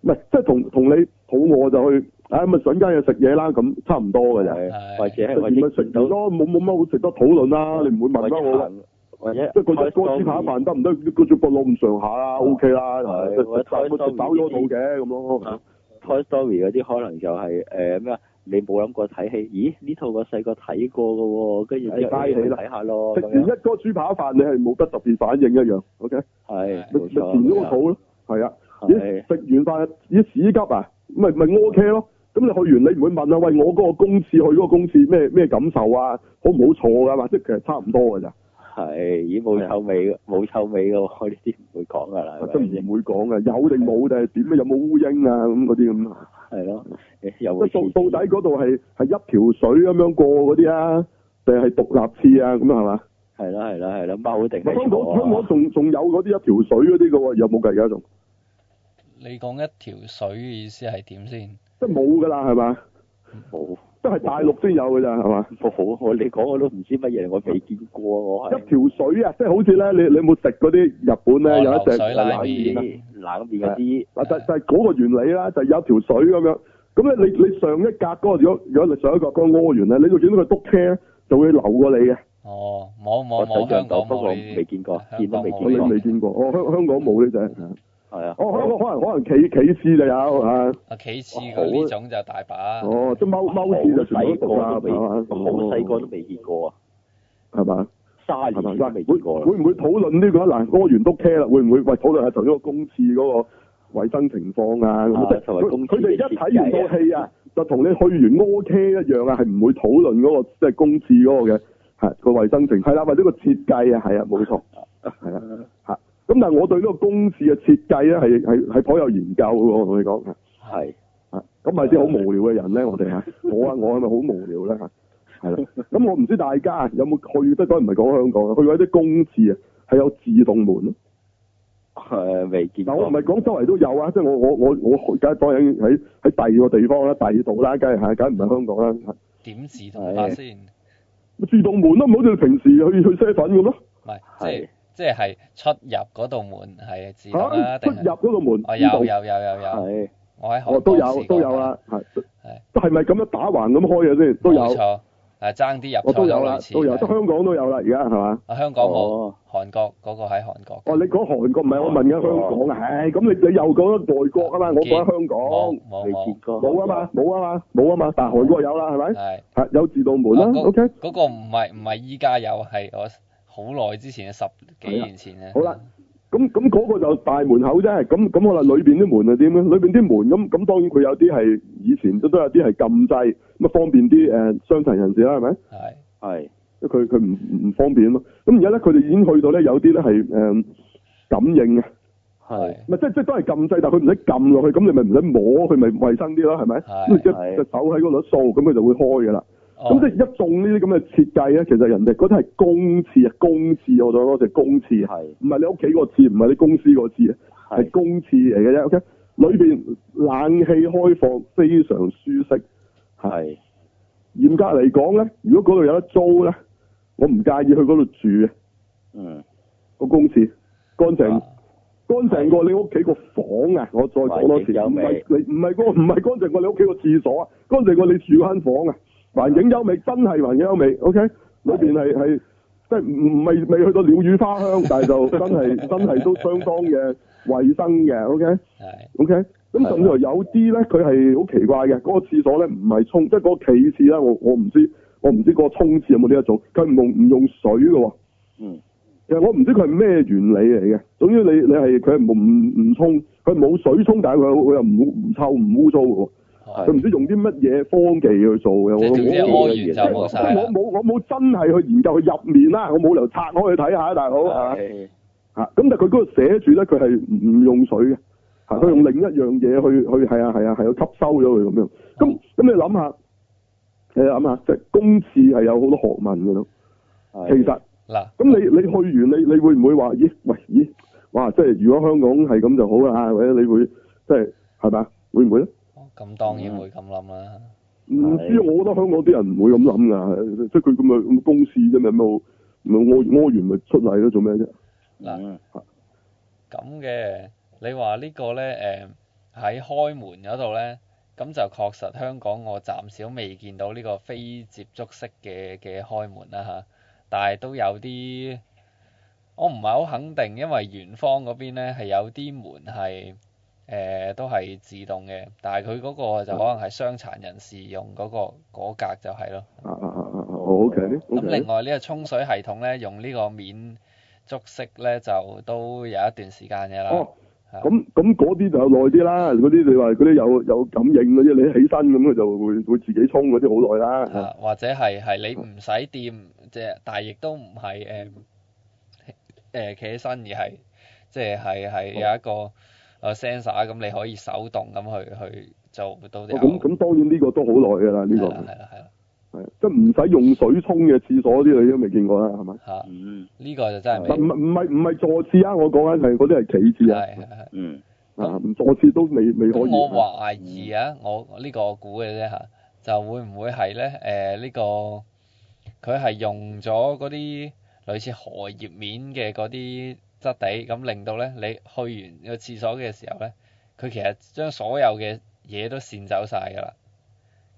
唔即係同同你肚餓就去，唉咪上間又食嘢啦，咁差唔多嘅就、啊、或者食嘢咯？冇冇乜好食得討論啦、啊，你唔會問咩、啊、我、啊啊。即係嗰隻哥斯達飯得唔得？嗰隻骨老咁上下啦，OK 啦，係。即咗肚嘅，咁咯。Toy Story 嗰啲可能就係誒咩啊？Okay 你冇諗過睇戲？咦，呢套我細個睇過噶喎，跟住你後你睇下咯。食完一個豬扒飯、嗯，你係冇得特別反應一樣。O K，係冇錯，填、okay? 咗、哎、個肚咯。係啊，食、哎哎、完飯，咦、哎，屎急啊，咪咪 O K 咯。咁、嗯、你去完，你唔會問啊？喂，我嗰個公廁去嗰個公廁咩咩感受啊？好唔好坐噶？或者其實差唔多噶咋？係，咦，冇、嗯、臭味，冇臭味噶。我呢啲唔會講噶啦，真唔會講嘅。有定冇定係點？有冇烏蠅啊？咁嗰啲咁係咯，有冇？到底嗰度係係一條水咁樣過嗰啲啊，獨啊定係獨立廁啊咁樣係嘛？係啦係啦係啦，踎定。香港香仲仲有嗰啲一條水嗰啲嘅喎，有冇計而家仲？你講一條水嘅意思係點先？即係冇噶啦，係嘛？冇。都係大陸先有嘅咋係嘛？我好你講我都唔知乜嘢，我未見過我。一條水啊，即係好似咧，你你有冇食嗰啲日本咧有一嗱嗱嗱嗱嗰啲嗱就就係嗰個原理啦，就是、有一條水咁樣。咁咧你你上一格嗰、那個如果如果你上一格嗰個屙完咧，你就見到佢篤車就會流過你嘅。哦，冇冇冇香港，未見過見都未見過，未見過，我、哦、香香港冇呢隻。係啊，哦，可、哦、可能可能企企廁就有啊，啊企廁好，啲種就大把。哦，即係踎踎廁就全部都讀啦，係好細個都未見過啊，係嘛，卅二歲未會唔會討論呢個嗱，屙完都車啦？會唔會喂討論下頭呢個公廁嗰個衛生情況啊，啊？即係同佢哋一睇唔到戲啊，就同你去完屙、OK、車一樣、那個就是那個、啊，係唔會討論嗰個即係公廁嗰個嘅，係個衛生情，係啦，或者個設計啊，係啊，冇錯，係啊，吓、啊。啊啊啊咁但係我對呢個公廁嘅設計咧，係係係頗有研究嘅。我同你講，係啊，咁係啲好無聊嘅人咧，我哋啊， 我啊我係咪好無聊咧？係啦。咁我唔知大家有冇去？當然，不過唔係講香港啊，去嗰啲公廁啊，係有自動門咯。係未見。嗱，我唔係講周圍都有啊，即係我我我我，梗係講喺喺喺第二個地方啦，第二度啦，梗係吓，梗唔係香港啦。點自動啊？先自動門都唔好似平時去去啡粉咁咯。係係。即係出入嗰道門係自動啦，定係？出入嗰個門，有有有有有。係。我喺韓國時。哦，都有都有啦，係係。係咪咁樣打橫咁開嘅先？都有。冇錯。誒爭啲入。我都有啦，都有。得香港都有啦，而家係嘛？啊香港冇。韓國嗰個喺韓國。哦，你講韓國唔係我問緊香港啊？誒，咁你你又講咗外國啊嘛？我講喺香港。未截過。冇啊嘛，冇啊嘛，冇啊嘛，但係韓國有啦，係咪？係。係有自動門啦。嗰個唔係唔係依家有，係我。好耐之前啊，十幾年前啊。好啦，咁咁嗰個就大門口啫，咁咁可能裏邊啲門係點咧？裏邊啲門咁咁，當然佢有啲係以前都都有啲係禁制，咁啊方便啲誒傷殘人士啦，係咪？係係，因為佢佢唔唔方便咯。咁而家咧，佢哋已經去到咧，有啲咧係誒感應啊。係。即係即係都係禁制，但係佢唔使撳落去，咁你咪唔使摸佢，咪衞生啲咯，係咪？即隻隻手喺嗰度掃，咁佢就會開噶啦。咁即係一棟呢啲咁嘅設計咧，其實人哋嗰啲係公廁，公廁我再講多次，公廁係唔係你屋企個廁，唔係你公司個廁啊，係公廁嚟嘅啫。OK，裏邊冷氣開放，非常舒適。係，嚴格嚟講咧，如果嗰度有得租咧，我唔介意去嗰度住嘅。嗯，個公廁乾淨，乾淨過你屋企個房啊！我再講多次，唔係你唔係個唔係乾淨過你屋企個廁所啊，乾淨過你住嗰間房啊！環境優美，真係環境優美 o、okay? k 裏邊係係即係唔唔未去到鳥語花香，但係就真係 真係都相當嘅衛生嘅，OK？係，OK？咁甚至有啲咧，佢係好奇怪嘅，嗰、嗰個廁所咧唔係沖，即係嗰個企廁咧，我我唔知，我唔知，我唔知個沖廁有冇呢一種，佢唔唔用水嘅，嗯，其實我唔知佢係咩原理嚟嘅。總之你你係佢唔唔唔沖，佢冇水沖，但係佢佢又唔唔臭唔污糟嘅。佢唔知用啲乜嘢科技去做嘅，知安源就我冇，我冇真係去研究佢入面啦。我冇理由拆開去睇下，大佬係好，咁但係佢嗰度寫住咧，佢係唔用水嘅嚇，佢用另一樣嘢去去係啊係啊係去吸收咗佢咁樣咁咁你諗下，你諗下，即係公廁係有好多學問嘅咯。其實嗱，咁你你去完，你你會唔會話咦？喂咦？哇！即係如果香港係咁就好啦，或者你會即係係咪啊？會唔會咧？咁當然會咁諗啦。唔、嗯、知，我覺得香港啲人唔會咁諗㗎，即係佢咁嘅咁公司啫，咪冇，唔係我完咪出嚟咯，做咩啫？嗱、嗯，咁嘅，你話呢個咧誒喺開門嗰度咧，咁就確實香港我暫時都未見到呢個非接觸式嘅嘅開門啦嚇，但係都有啲，我唔係好肯定，因為元芳嗰邊咧係有啲門係。誒都係自動嘅，但係佢嗰個就可能係傷殘人士用嗰、那個格、啊那個、就係咯。OK 咁另外呢個沖水系統咧、啊，用呢個免觸式咧，就都有一段時間嘅、啊啊啊、啦。哦，咁咁嗰啲就耐啲啦，嗰啲你話嗰啲有有感應嗰啲，你起身咁佢就會,會自己沖嗰啲好耐啦。或者係你唔使掂隻，但係亦都唔係誒企起身而係即係係有一個。啊個 sensor 咁你可以手動咁去去做多啲，咁咁當然呢個都好耐㗎啦，呢、呢個即係唔使用水沖嘅廁所啲你都未見過啦係咪吓？呢個就真係唔係唔係唔係坐廁啊！我講緊係嗰啲係企廁啊，唔、嗯、坐廁都未未可以。咁我懷疑啊，嗯、我呢、呢個我估嘅啫就會唔會係咧呢、呃呢個佢係用咗嗰啲類似荷葉面嘅嗰啲。得地咁令到咧，你去完個廁所嘅時候咧，佢其實將所有嘅嘢都濺走晒噶啦，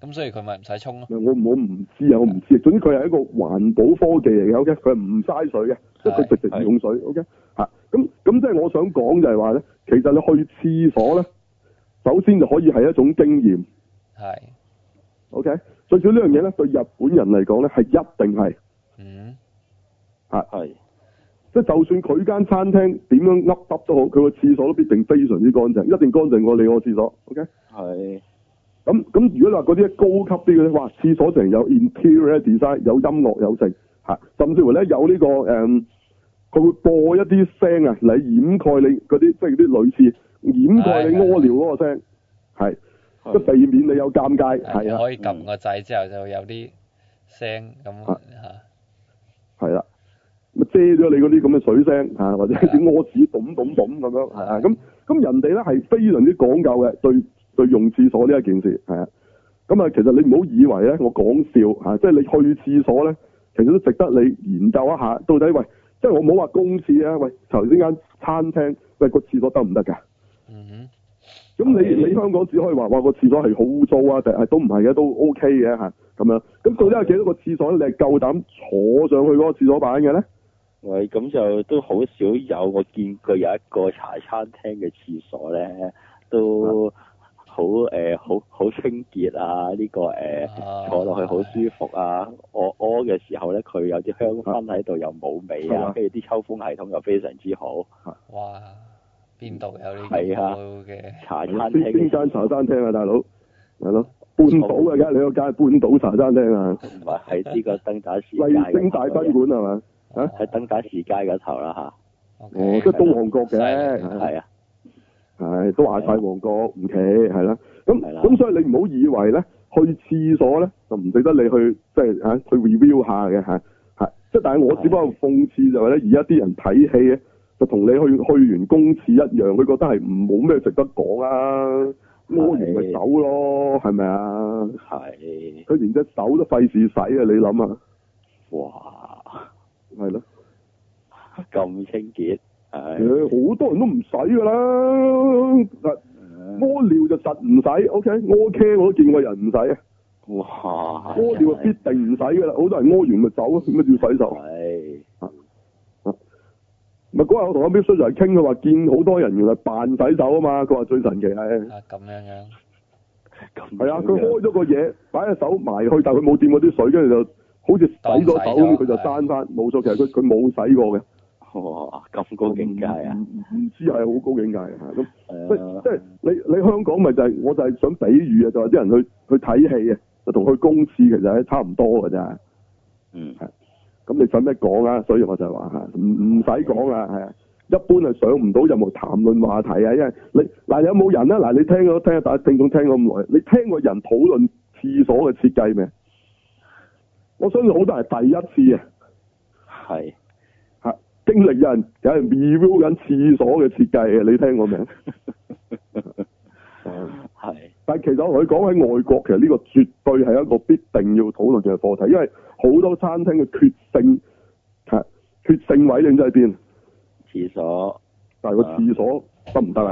咁所以佢咪唔使沖咯。我我唔知啊，我唔知,係。總之佢係一個環保科技嚟嘅，O K，佢唔嘥水嘅，即係直,直直用水，O K，吓咁咁即係我想講就係話咧，其實你去廁所咧，首先就可以係一種經驗。係。O K，最主要呢樣嘢咧，對日本人嚟講咧係一定係。嗯。吓、啊。係。就算佢間餐廳點樣噏耷都好，佢個廁所都必定非常之乾淨，一定乾淨過你個廁所。OK？係。咁咁，如果話嗰啲高級啲嘅咧，哇，廁所成有 interior design，有音樂有聲，吓，甚至乎咧有呢、這個誒，佢、嗯、會播一啲聲啊嚟掩蓋你嗰啲，即係啲女廁掩蓋你屙尿嗰個聲，係，即避免你有尷尬。係啊，可以撳個掣之後就有啲聲咁吓。係、嗯、啦。遮咗你嗰啲咁嘅水聲嚇，或者好似屙屎咚咚咚咁樣，係啊。咁咁人哋咧係非常之講究嘅，對對，用廁所呢一件事，係啊。咁啊其實你唔好以為咧我講笑嚇，即係你去廁所咧，其實都值得你研究一下。到底喂，即係我唔好話公廁啊，喂頭先間餐廳喂個廁所得唔得㗎？嗯哼，咁你你香港只可以話哇個廁所係好污糟啊，定係都唔係嘅都 OK 嘅嚇，咁樣，咁到底有幾多個廁所你係夠膽坐上去嗰個廁所板嘅咧？喂，咁就都好少有，我見過有一個茶餐廳嘅廁所咧，都好好好清潔啊！呢、呢個、呃啊、坐落去好舒服啊，我屙嘅時候咧，佢有啲香氛喺度，又冇味啊，跟住啲抽風系統又非常之好。哇、啊！邊、啊、度有呢、呢個、啊、茶餐廳？邊間茶餐廳啊，大佬？係咯，半島啊，梗係兩街半島茶餐廳啊。唔係喺呢個燈塔 星大賓館係嘛？是的登時階的頭嗯、啊，喺登打士街嗰頭啦吓，哦，即係都旺角嘅，係啊，係都話晒旺角唔企，係啦，咁咁所以你唔好以為咧，去廁所咧就唔值得你去，即係吓去 review 一下嘅吓，係，即係但係我只不過諷刺就係咧，而家啲人睇戲咧，就同你去去完公廁一樣，佢覺得係唔冇咩值得講啊，摸完咪走了咯，係咪啊？係，佢連隻手都費事使啊，你諗啊？哇！係咯，咁清潔係，好多人都唔使噶啦。屙、嗯、尿就實唔使，O K，屙茄我都見過人唔使。哇，屙尿啊必定唔使噶啦，好多人屙完咪走，點解要洗手？係，咪嗰日我同阿 B 就嚟傾，佢話見好多人原來扮洗手啊嘛，佢話最神奇係。咁、啊、樣、啊、樣，樣，係啊，佢開咗個嘢，擺隻手埋去，但係佢冇掂過啲水，跟住就。好似洗咗手，佢就生翻，冇錯。其實佢佢冇洗過嘅。哇、哦，咁高境界啊！唔知係好高境界啊。咁即係你你香港咪就係、是，我就係想比喻啊，就話、是、啲人去去睇戲啊，就同去公廁其實係差唔多嘅咋。嗯。咁你使咩講啊？所以我就話吓，唔唔使講啊。係啊，一般係上唔到任何談論話題啊。因為你嗱有冇人啊？嗱你聽咗聽下，大家聽眾聽咗咁耐，你聽過人討論廁所嘅設計未？我相信好多係第一次啊，係，吓，經歷有人有人 review 緊廁所嘅設計啊，你聽過未？係、 嗯，但係其實我同你講喺外國，其實呢個絕對係一個必定要討論嘅課題，因為好多餐廳嘅決勝，係決勝位都喺邊？廁所。但係個廁所得唔得啊？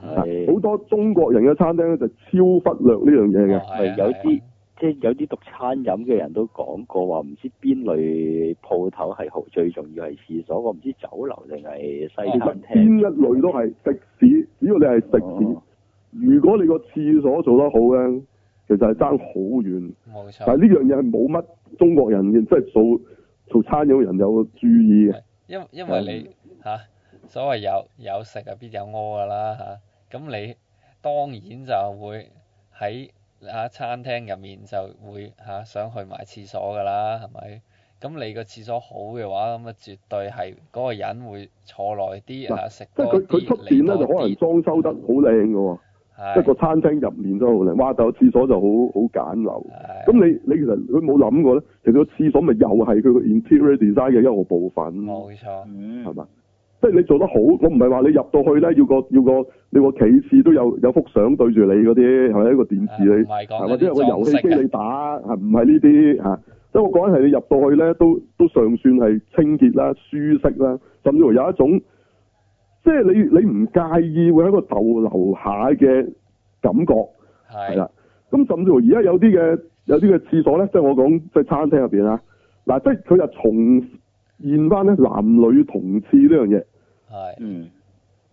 好、嗯、好多中國人嘅餐廳咧，就超忽略呢樣嘢嘅，係有啲。即係有啲讀餐飲嘅人都講過話，唔知邊類鋪頭係好最重要係廁所，我唔知酒樓定係西餐廳，邊一類都係食肆。只要你係食肆，如果你個廁所做得好咧，其實係爭好遠。冇錯。但係呢樣嘢冇乜中國人即係做做餐飲人有注意嘅。因為因為你嚇、嗯啊、所謂有有食有啊，必有屙㗎啦嚇。咁你當然就會喺。嚇、啊、餐廳入面就會嚇、啊、想去埋廁所噶啦，係咪？咁你個廁所好嘅話，咁啊絕對係嗰個人會坐耐啲啊，食多啲。即係佢佢出邊咧就可能裝修得好靚嘅喎，即係個餐廳入面都好靚。哇！就廁所就好好簡陋。咁你你其實佢冇諗過咧，其實個廁所咪又係佢個 interior design 嘅一個部分。冇錯。係嘛？即係你做得好，我唔係話你入到去咧，要個要個你個企次都有有幅相對住你嗰啲，係咪一個電視你，係、啊、或者有個遊戲機你打，係唔係呢啲？即係我講係你入到去咧，都都尚算係清潔啦、舒適啦，甚至乎有一種，即係你你唔介意會喺個逗留下嘅感覺係啦。咁甚至乎而家有啲嘅有啲嘅廁所咧，即係我講即係餐廳入面啊，嗱即係佢又重現翻咧男女同廁呢樣嘢。係，嗯，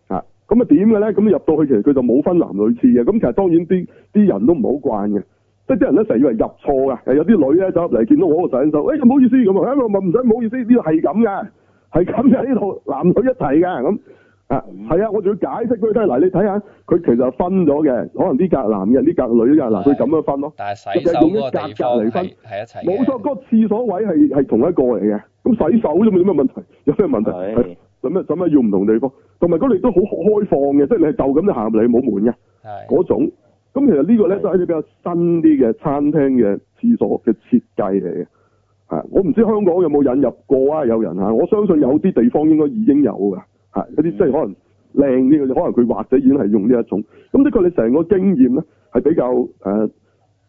啊，咁啊點嘅咧？咁入到去其實佢就冇分男女廁嘅，咁其實當然啲啲人都唔好慣嘅，即係啲人咧成日以為入錯噶，有啲女咧走入嚟見到我個洗手，誒、欸、唔好意思咁啊、嗯、啊，我問，唔使唔好意思，呢度係咁嘅，係咁嘅，呢度男女一齊嘅，咁啊係啊，我仲要解釋佢咧，嗱你睇下佢其實分咗嘅，可能啲隔男嘅，啲隔女嘅，嗱佢咁樣分咯，但係洗手嗰個地方係一齊，冇錯，嗰、那個廁所位係係同一個嚟嘅，咁洗手啫冇有咩問題？有咩問題？做咩做咩要唔同地方，同埋度你都好開放嘅，即係你係就咁就行入去冇門嘅，係嗰種。咁其實呢個咧都係啲比較新啲嘅餐廳嘅廁所嘅設計嚟嘅，我唔知香港有冇引入過啊？有人吓，我相信有啲地方應該已經有噶，嗰一啲、嗯、即係可能靚啲嘅，可能佢或者已經係用呢一種。咁的確你成個經驗咧係比較誒、呃，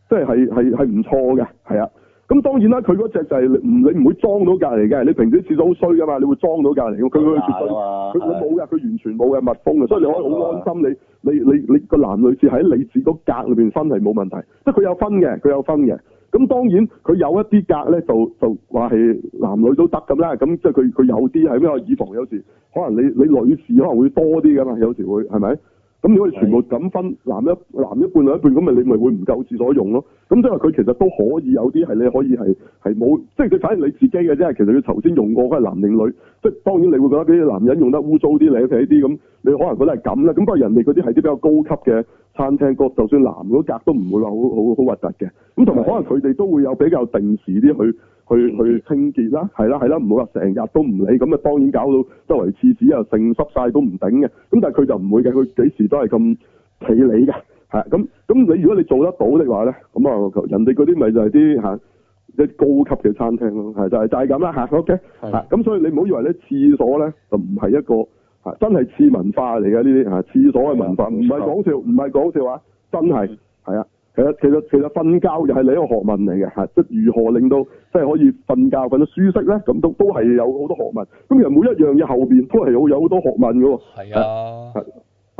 即係係係係唔錯嘅，係啊。咁當然啦，佢嗰隻就係你唔你唔會裝到隔離嘅。你平時廁所好衰噶嘛，你會裝到隔離佢佢絕對佢冇嘅，佢完全冇嘅密封嘅，所以你可以好安心你。你你你你個男女廁喺你自嗰格裏面分係冇問題，即係佢有分嘅，佢有分嘅。咁當然佢有一啲格咧，就就話係男女都得咁啦。咁即係佢佢有啲係咩？以防有時可能你你女士可能會多啲噶嘛，有時會係咪？咁如果你全部咁分男一男一半女一半，咁咪你咪會唔夠廁所用咯？咁即係話佢其實都可以有啲係你可以係係冇，即係佢反而你自己嘅啫。其實佢頭先用過嗰啲男定女，即係當然你會覺得嗰啲男人用得污糟啲，你譬如呢啲咁，你可能覺得係咁啦。咁不過人哋嗰啲係啲比較高級嘅。餐廳角就算南嗰格都唔會話好好好核突嘅，咁同埋可能佢哋都會有比較定時啲去去去清潔啦，係啦係啦，唔好話成日都唔理，咁啊當然搞到周圍廁紙又剩濕晒都唔頂嘅，咁但係佢就唔會嘅，佢幾時都係咁企理㗎，係咁咁你如果你做得到的話咧，咁啊人哋嗰啲咪就係啲嚇一高級嘅餐廳咯，係就係就係咁啦嚇，OK 嚇，咁、啊、所以你唔好以為咧廁所咧就唔係一個。係真係次文化嚟噶呢啲啊，廁所嘅文化，唔係講笑，唔係講笑啊，真係係啊，其實其實其實瞓覺又係你一個學問嚟嘅吓，即係如何令到即係可以瞓覺瞓得舒適咧，咁都都係有好多學問，咁其實每一樣嘢後邊都係好有好多學問噶喎。係啊，係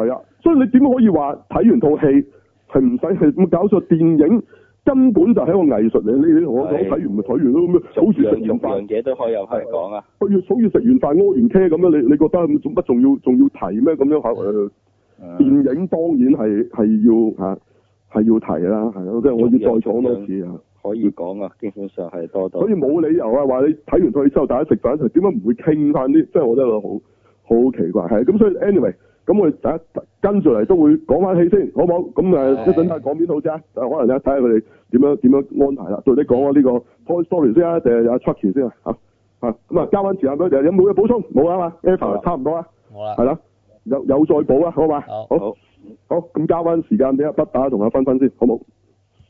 係啊，所以你點可以話睇完套戲係唔使去咁搞錯電影？根本就係一個藝術嚟，你同我講睇完咪睇完咯咁樣。好似食完飯，嘢都可以有開開講啊。不如好似食完飯屙完車咁樣，你你覺得咁，仲不仲要仲要提咩咁樣吓、呃？電影當然係係要吓，係要提啦，係咯，即係我要再講多次啊。可以講啊，基本上係多到。所以冇理由啊，話你睇完戲之後大家食飯時，點解唔會傾翻啲？即係我真係好好奇怪，係咁所以，anyway。咁我哋第一跟住嚟都會講翻起先，好唔好？咁誒一陣睇講邊套啫。可能咧睇下佢哋點樣安排啦。到底講啊呢個 Toy Story 先，先啊，定係阿 Chucky 先啊？嚇嚇咁啊，交、啊、翻時間佢哋有冇嘢補充？冇啊嘛 Eva 差唔多啦，啦，係啦，有有再補啊，好嘛？好好咁交翻時間俾阿不打同阿分分先，好唔好？